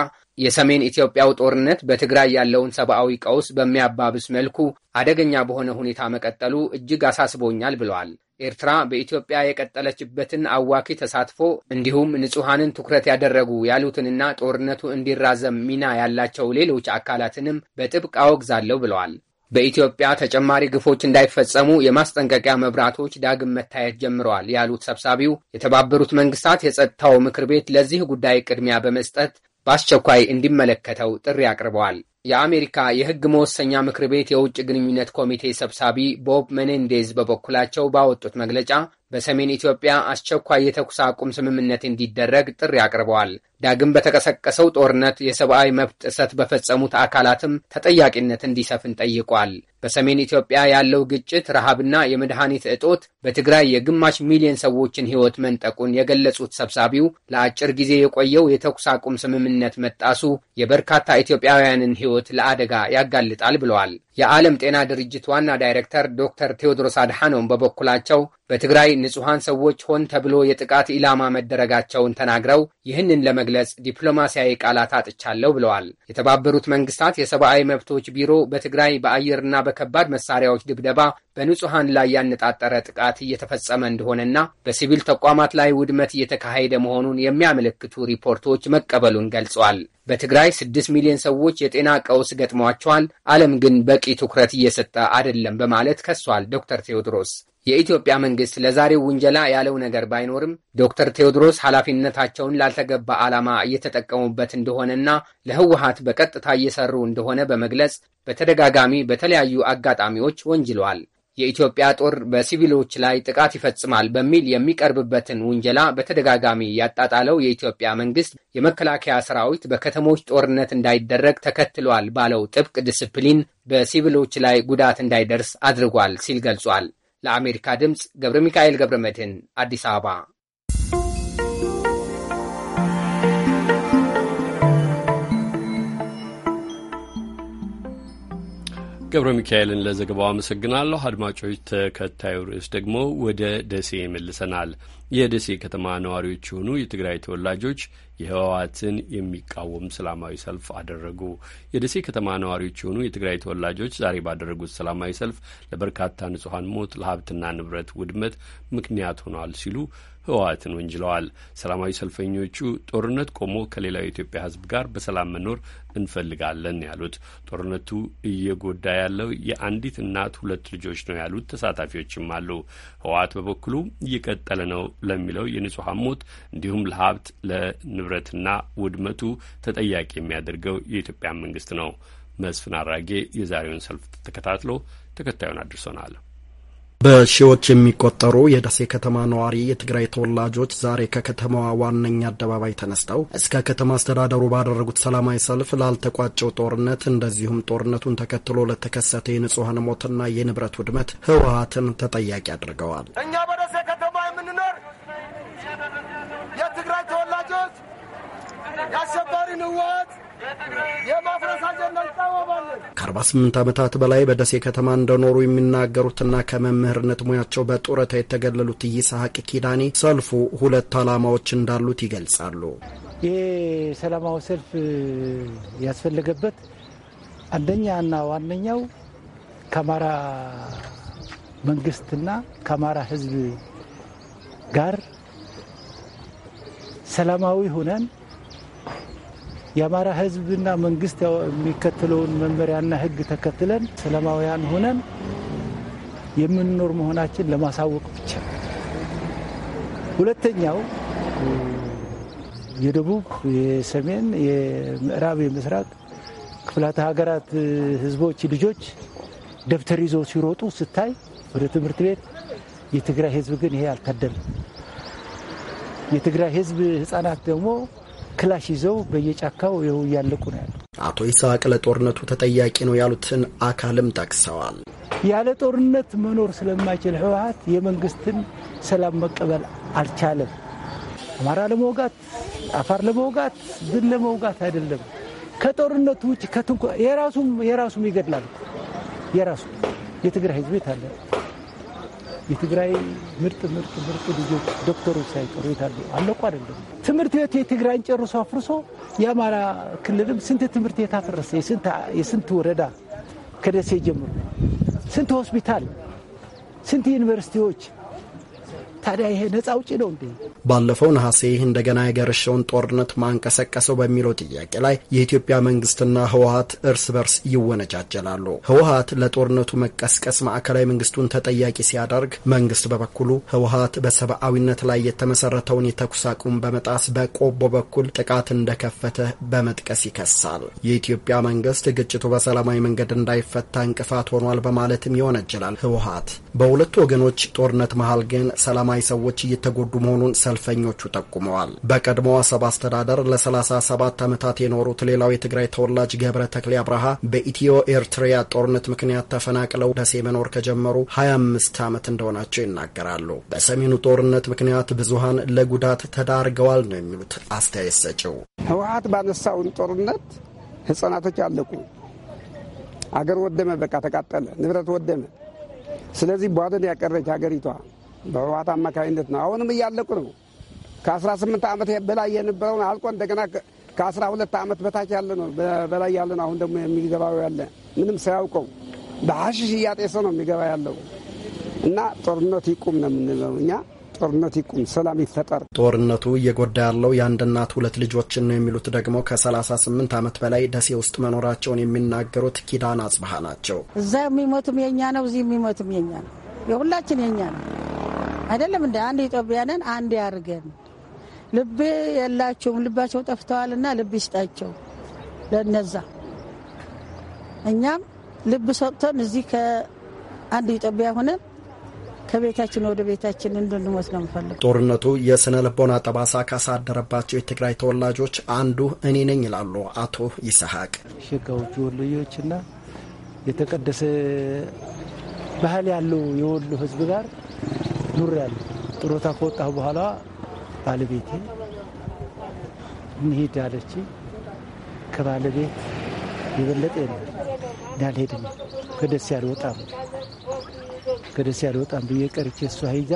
የሰሜን ኢትዮጵያው ጦርነት በትግራይ ያለውን ሰብአዊ ቀውስ በሚያባብስ መልኩ አደገኛ በሆነ ሁኔታ መቀጠሉ እጅግ አሳስቦኛል ብለዋል። ኤርትራ በኢትዮጵያ የቀጠለችበትን አዋኪ ተሳትፎ እንዲሁም ንጹሐንን ትኩረት ያደረጉ ያሉትንና ጦርነቱ እንዲራዘም ሚና ያላቸው ሌሎች አካላትንም በጥብቅ አወግዛለሁ ብለዋል። በኢትዮጵያ ተጨማሪ ግፎች እንዳይፈጸሙ የማስጠንቀቂያ መብራቶች ዳግም መታየት ጀምረዋል ያሉት ሰብሳቢው የተባበሩት መንግስታት የጸጥታው ምክር ቤት ለዚህ ጉዳይ ቅድሚያ በመስጠት በአስቸኳይ እንዲመለከተው ጥሪ አቅርበዋል። የአሜሪካ የሕግ መወሰኛ ምክር ቤት የውጭ ግንኙነት ኮሚቴ ሰብሳቢ ቦብ ሜኔንዴዝ በበኩላቸው ባወጡት መግለጫ በሰሜን ኢትዮጵያ አስቸኳይ የተኩስ አቁም ስምምነት እንዲደረግ ጥሪ አቅርበዋል። ዳግም በተቀሰቀሰው ጦርነት የሰብአዊ መብት ጥሰት በፈጸሙት አካላትም ተጠያቂነት እንዲሰፍን ጠይቋል። በሰሜን ኢትዮጵያ ያለው ግጭት፣ ረሃብና የመድኃኒት እጦት በትግራይ የግማሽ ሚሊዮን ሰዎችን ሕይወት መንጠቁን የገለጹት ሰብሳቢው ለአጭር ጊዜ የቆየው የተኩስ አቁም ስምምነት መጣሱ የበርካታ ኢትዮጵያውያንን ሕይወት ለአደጋ ያጋልጣል ብለዋል። የዓለም ጤና ድርጅት ዋና ዳይሬክተር ዶክተር ቴዎድሮስ አድሓኖም በበኩላቸው በትግራይ ንጹሐን ሰዎች ሆን ተብሎ የጥቃት ኢላማ መደረጋቸውን ተናግረው ይህንን ለመግለጽ ዲፕሎማሲያዊ ቃላት አጥቻለሁ ብለዋል። የተባበሩት መንግስታት የሰብአዊ መብቶች ቢሮ በትግራይ በአየርና በከባድ መሳሪያዎች ድብደባ በንጹሐን ላይ ያነጣጠረ ጥቃት እየተፈጸመ እንደሆነና በሲቪል ተቋማት ላይ ውድመት እየተካሄደ መሆኑን የሚያመለክቱ ሪፖርቶች መቀበሉን ገልጿል። በትግራይ ስድስት ሚሊዮን ሰዎች የጤና ቀውስ ገጥሟቸዋል። ዓለም ግን በቂ ትኩረት እየሰጠ አይደለም በማለት ከሷል ዶክተር ቴዎድሮስ። የኢትዮጵያ መንግስት ለዛሬው ውንጀላ ያለው ነገር ባይኖርም ዶክተር ቴዎድሮስ ኃላፊነታቸውን ላልተገባ ዓላማ እየተጠቀሙበት እንደሆነና ለህወሀት በቀጥታ እየሰሩ እንደሆነ በመግለጽ በተደጋጋሚ በተለያዩ አጋጣሚዎች ወንጅለዋል። የኢትዮጵያ ጦር በሲቪሎች ላይ ጥቃት ይፈጽማል በሚል የሚቀርብበትን ውንጀላ በተደጋጋሚ ያጣጣለው የኢትዮጵያ መንግስት የመከላከያ ሰራዊት በከተሞች ጦርነት እንዳይደረግ ተከትሏል ባለው ጥብቅ ዲስፕሊን በሲቪሎች ላይ ጉዳት እንዳይደርስ አድርጓል ሲል ገልጿል። ለአሜሪካ ድምፅ ገብረ ሚካኤል ገብረ መድህን አዲስ አበባ ገብረ ሚካኤልን ለዘገባው አመሰግናለሁ። አድማጮች፣ ተከታዩ ርዕስ ደግሞ ወደ ደሴ ይመልሰናል። የደሴ ከተማ ነዋሪዎች የሆኑ የትግራይ ተወላጆች የህወሓትን የሚቃወም ሰላማዊ ሰልፍ አደረጉ። የደሴ ከተማ ነዋሪዎች የሆኑ የትግራይ ተወላጆች ዛሬ ባደረጉት ሰላማዊ ሰልፍ ለበርካታ ንጹሐን ሞት፣ ለሀብትና ንብረት ውድመት ምክንያት ሆኗል ሲሉ ህወሓትን ወንጅለዋል። ሰላማዊ ሰልፈኞቹ ጦርነት ቆሞ ከሌላው የኢትዮጵያ ህዝብ ጋር በሰላም መኖር እንፈልጋለን ያሉት ጦርነቱ እየጎዳ ያለው የአንዲት እናት ሁለት ልጆች ነው ያሉት ተሳታፊዎችም አሉ። ህወሓት በበኩሉ እየቀጠለ ነው ለሚለው የንጹሐን ሞት እንዲሁም ለሀብት ለንብረት ንብረትና ውድመቱ ተጠያቂ የሚያደርገው የኢትዮጵያ መንግስት ነው። መስፍን አራጌ የዛሬውን ሰልፍ ተከታትሎ ተከታዩን አድርሶናል። በሺዎች የሚቆጠሩ የደሴ ከተማ ነዋሪ የትግራይ ተወላጆች ዛሬ ከከተማዋ ዋነኛ አደባባይ ተነስተው እስከ ከተማ አስተዳደሩ ባደረጉት ሰላማዊ ሰልፍ ላልተቋጨው ጦርነት እንደዚሁም ጦርነቱን ተከትሎ ለተከሰተ የንጹሐን ሞትና የንብረት ውድመት ህወሀትን ተጠያቂ አድርገዋል። እኛ በደሴ ከተማ የምንኖር ህወሓት የማፍረስ አጀንዳ ከ ከ48 ዓመታት በላይ በደሴ ከተማ እንደኖሩ የሚናገሩትና ከመምህርነት ሙያቸው በጡረታ የተገለሉት ይስሐቅ ኪዳኔ ሰልፉ ሁለት ዓላማዎች እንዳሉት ይገልጻሉ። ይሄ ሰላማዊ ሰልፍ ያስፈለገበት አንደኛና ዋነኛው ከአማራ መንግስትና ከአማራ ህዝብ ጋር ሰላማዊ ሆነን የአማራ ህዝብና መንግስት የሚከተለውን መመሪያና ህግ ተከትለን ሰላማውያን ሆነን የምንኖር መሆናችን ለማሳወቅ ብቻ። ሁለተኛው የደቡብ፣ የሰሜን፣ የምዕራብ፣ የምስራቅ ክፍላተ ሀገራት ህዝቦች ልጆች ደብተር ይዘው ሲሮጡ ስታይ ወደ ትምህርት ቤት፣ የትግራይ ህዝብ ግን ይሄ አልታደለም። የትግራይ ህዝብ ህጻናት ደግሞ ክላሽ ይዘው በየጫካው ይኸው እያለቁ ነው ያሉ አቶ ይስሐቅ ለጦርነቱ ተጠያቂ ነው ያሉትን አካልም ጠቅሰዋል። ያለ ጦርነት መኖር ስለማይችል ህወሀት የመንግስትን ሰላም መቀበል አልቻለም። አማራ ለመውጋት፣ አፋር ለመውጋት፣ ድን ለመውጋት አይደለም። ከጦርነቱ ውጭ የራሱም የራሱም ይገድላል። የራሱ የትግራይ ህዝብ አለ የትግራይ ምርጥ ምርጥ ምርጥ ልጆች ዶክተሮች ሳይቀሩ የታሉ አለቁ። አይደለም ትምህርት ቤት የትግራይን ጨርሶ አፍርሶ የአማራ ክልልም ስንት ትምህርት ቤት አፈረሰ። የስንት ወረዳ ከደሴ ጀምሮ ስንት ሆስፒታል፣ ስንት ዩኒቨርሲቲዎች ታዲያ ይሄ ነጻ አውጪ ነው እንዴ? ባለፈው ነሐሴ እንደገና የገረሸውን ጦርነት ማንቀሰቀሰው በሚለው ጥያቄ ላይ የኢትዮጵያ መንግስትና ህወሀት እርስ በርስ ይወነጃጀላሉ። ህወሀት ለጦርነቱ መቀስቀስ ማዕከላዊ መንግስቱን ተጠያቂ ሲያደርግ፣ መንግስት በበኩሉ ህወሀት በሰብአዊነት ላይ የተመሰረተውን የተኩስ አቁም በመጣስ በቆቦ በኩል ጥቃት እንደከፈተ በመጥቀስ ይከሳል። የኢትዮጵያ መንግስት ግጭቱ በሰላማዊ መንገድ እንዳይፈታ እንቅፋት ሆኗል በማለትም ይወነጅላል ህወሀት። በሁለቱ ወገኖች ጦርነት መሀል ግን ሰላም ሰላማዊ ሰዎች እየተጎዱ መሆኑን ሰልፈኞቹ ጠቁመዋል። በቀድሞ አሰብ አስተዳደር ለ37 ዓመታት የኖሩት ሌላው የትግራይ ተወላጅ ገብረ ተክሌ አብርሃ በኢትዮ ኤርትሪያ ጦርነት ምክንያት ተፈናቅለው ደሴ መኖር ከጀመሩ 25 ዓመት እንደሆናቸው ይናገራሉ። በሰሜኑ ጦርነት ምክንያት ብዙሃን ለጉዳት ተዳርገዋል ነው የሚሉት አስተያየት ሰጪው። ህወሀት ባነሳውን ጦርነት ህጻናቶች አለቁ፣ አገር ወደመ፣ በቃ ተቃጠለ፣ ንብረት ወደመ። ስለዚህ ቧደን ያቀረች ሀገሪቷ በህወሓት አማካኝነት ነው። አሁንም እያለቁ ነው። ከ18 ዓመት በላይ የነበረውን አልቆ እንደገና ከ12 ዓመት በታች ያለ ነው በላይ ያለ ነው። አሁን ደግሞ የሚገባው ያለ ምንም ሳያውቀው በሐሽሽ እያጤሰ ነው የሚገባ ያለው እና ጦርነት ይቁም ነው የምንለው እኛ ጦርነት ይቁም፣ ሰላም ይፈጠር። ጦርነቱ እየጎዳ ያለው የአንድ እናት ሁለት ልጆችን ነው የሚሉት ደግሞ ከ38 ዓመት በላይ ደሴ ውስጥ መኖራቸውን የሚናገሩት ኪዳን አጽብሃ ናቸው። እዛ የሚሞትም የኛ ነው፣ እዚህ የሚሞትም የኛ ነው፣ የሁላችን የኛ ነው። አይደለም እንደ አንድ ኢትዮጵያንን አንድ ያርገን። ልብ የላቸውም ልባቸው ጠፍተዋልና ልብ ይስጣቸው ለነዛ። እኛም ልብ ሰጥተን እዚህ ከአንድ ኢትዮጵያ ሆነን ከቤታችን ወደ ቤታችን እንድንሞት ነው ምፈልግ። ጦርነቱ የስነ ልቦና ጠባሳ ካሳደረባቸው የትግራይ ተወላጆች አንዱ እኔ ነኝ ይላሉ አቶ ይስሐቅ። ሽጋዎቹ ወሎዮችና የተቀደሰ ባህል ያለው የወሎ ህዝብ ጋር ኑር ያለ ጥሮታ ከወጣሁ በኋላ ባለቤቴ እንሂድ አለች። ከባለቤት የበለጠ የለም እንዳልሄድም ከደሴ አልወጣም ከደሴ አልወጣም ብዬ ቀርቼ እሷ ሂጃ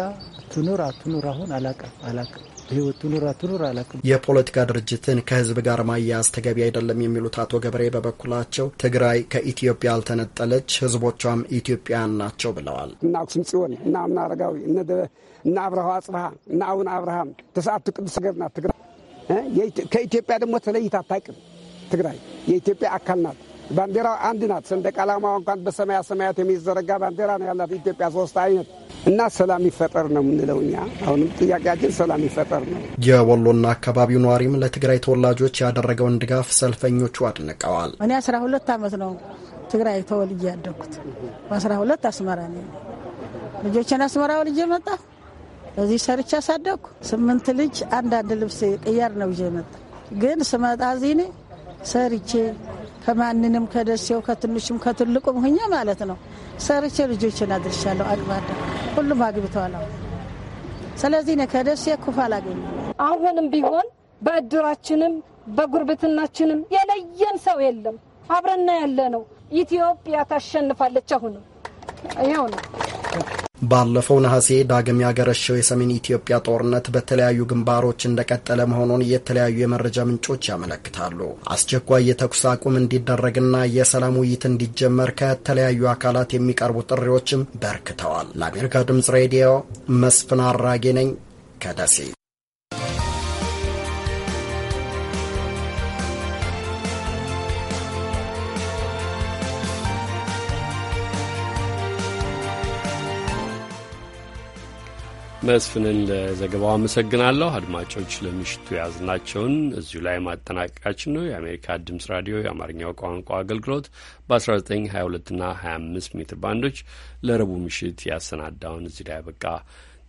ትኑር አትኑር አሁን አላውቅም አላውቅም ህይወት ትኑር አትኑር አላውቅም። የፖለቲካ ድርጅትን ከህዝብ ጋር ማያያዝ ተገቢ አይደለም የሚሉት አቶ ገብሬ በበኩላቸው ትግራይ ከኢትዮጵያ አልተነጠለች፣ ህዝቦቿም ኢትዮጵያን ናቸው ብለዋል። እና አክሱም ጽዮን እና አቡነ አረጋዊ እና አብርሃ አጽብሃ እና አቡነ አብርሃም ተሰዓቱ ቅዱስ ሀገር ናት ትግራይ። ከኢትዮጵያ ደግሞ ተለይታ አታውቅም። ትግራይ የኢትዮጵያ አካል ናት። ባንዲራው አንድ ናት። ሰንደቅ ዓላማዋ እንኳን በሰማያ ሰማያት የሚዘረጋ ባንዲራ ነው ያላት ኢትዮጵያ ሶስት አይነት እና ሰላም ይፈጠር ነው የምንለው እኛ። አሁንም ጥያቄያችን ሰላም ይፈጠር ነው። የወሎና አካባቢው ነዋሪም ለትግራይ ተወላጆች ያደረገውን ድጋፍ ሰልፈኞቹ አድንቀዋል። እኔ አስራ ሁለት ዓመት ነው ትግራይ ተወልጄ ያደግኩት። በአስራ ሁለት አስመራ ነው ልጆችን አስመራ ወልጄ መጣሁ። እዚህ ሰርቻ አሳደግኩ። ስምንት ልጅ አንዳንድ ልብስ ቅያር ነው ይዤ መጣ። ግን ስመጣ እዚህ እኔ ሰርቼ ከማንንም ከደሴው ከትንሹም ከትልቁም ሁኜ ማለት ነው ሰርቼ ልጆችን አድርሻለሁ። አግባዳ ሁሉም አግብተዋል። ስለዚህ ነ ከደሴ ኩፋ አላገኘ አሁንም ቢሆን በእድራችንም በጉርብትናችንም የለየን ሰው የለም። አብረና ያለ ነው። ኢትዮጵያ ታሸንፋለች። አሁንም ይኸው ነው። ባለፈው ነሐሴ ዳግም ያገረሸው የሰሜን ኢትዮጵያ ጦርነት በተለያዩ ግንባሮች እንደቀጠለ መሆኑን የተለያዩ የመረጃ ምንጮች ያመለክታሉ። አስቸኳይ የተኩስ አቁም እንዲደረግና የሰላም ውይይት እንዲጀመር ከተለያዩ አካላት የሚቀርቡ ጥሪዎችም በርክተዋል። ለአሜሪካ ድምጽ ሬዲዮ መስፍን አራጌ ነኝ ከደሴ መስፍንን ለዘገባው አመሰግናለሁ። አድማጮች ለምሽቱ የያዝናቸውን እዚሁ ላይ ማጠናቀቃችን ነው። የአሜሪካ ድምፅ ራዲዮ የአማርኛው ቋንቋ አገልግሎት በ1922 እና 25 ሜትር ባንዶች ለረቡዕ ምሽት ያሰናዳውን እዚህ ላይ ያበቃ።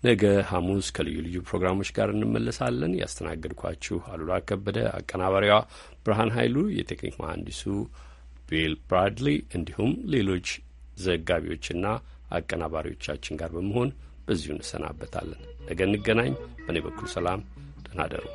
ነገ ሐሙስ ከልዩ ልዩ ፕሮግራሞች ጋር እንመለሳለን። ያስተናገድኳችሁ አሉላ ከበደ፣ አቀናባሪዋ ብርሃን ኃይሉ፣ የቴክኒክ መሐንዲሱ ቤል ብራድሊ እንዲሁም ሌሎች ዘጋቢዎችና አቀናባሪዎቻችን ጋር በመሆን በዚሁ እንሰናበታለን። ነገ እንገናኝ። በእኔ በኩል ሰላም፣ ደህና እደሩ።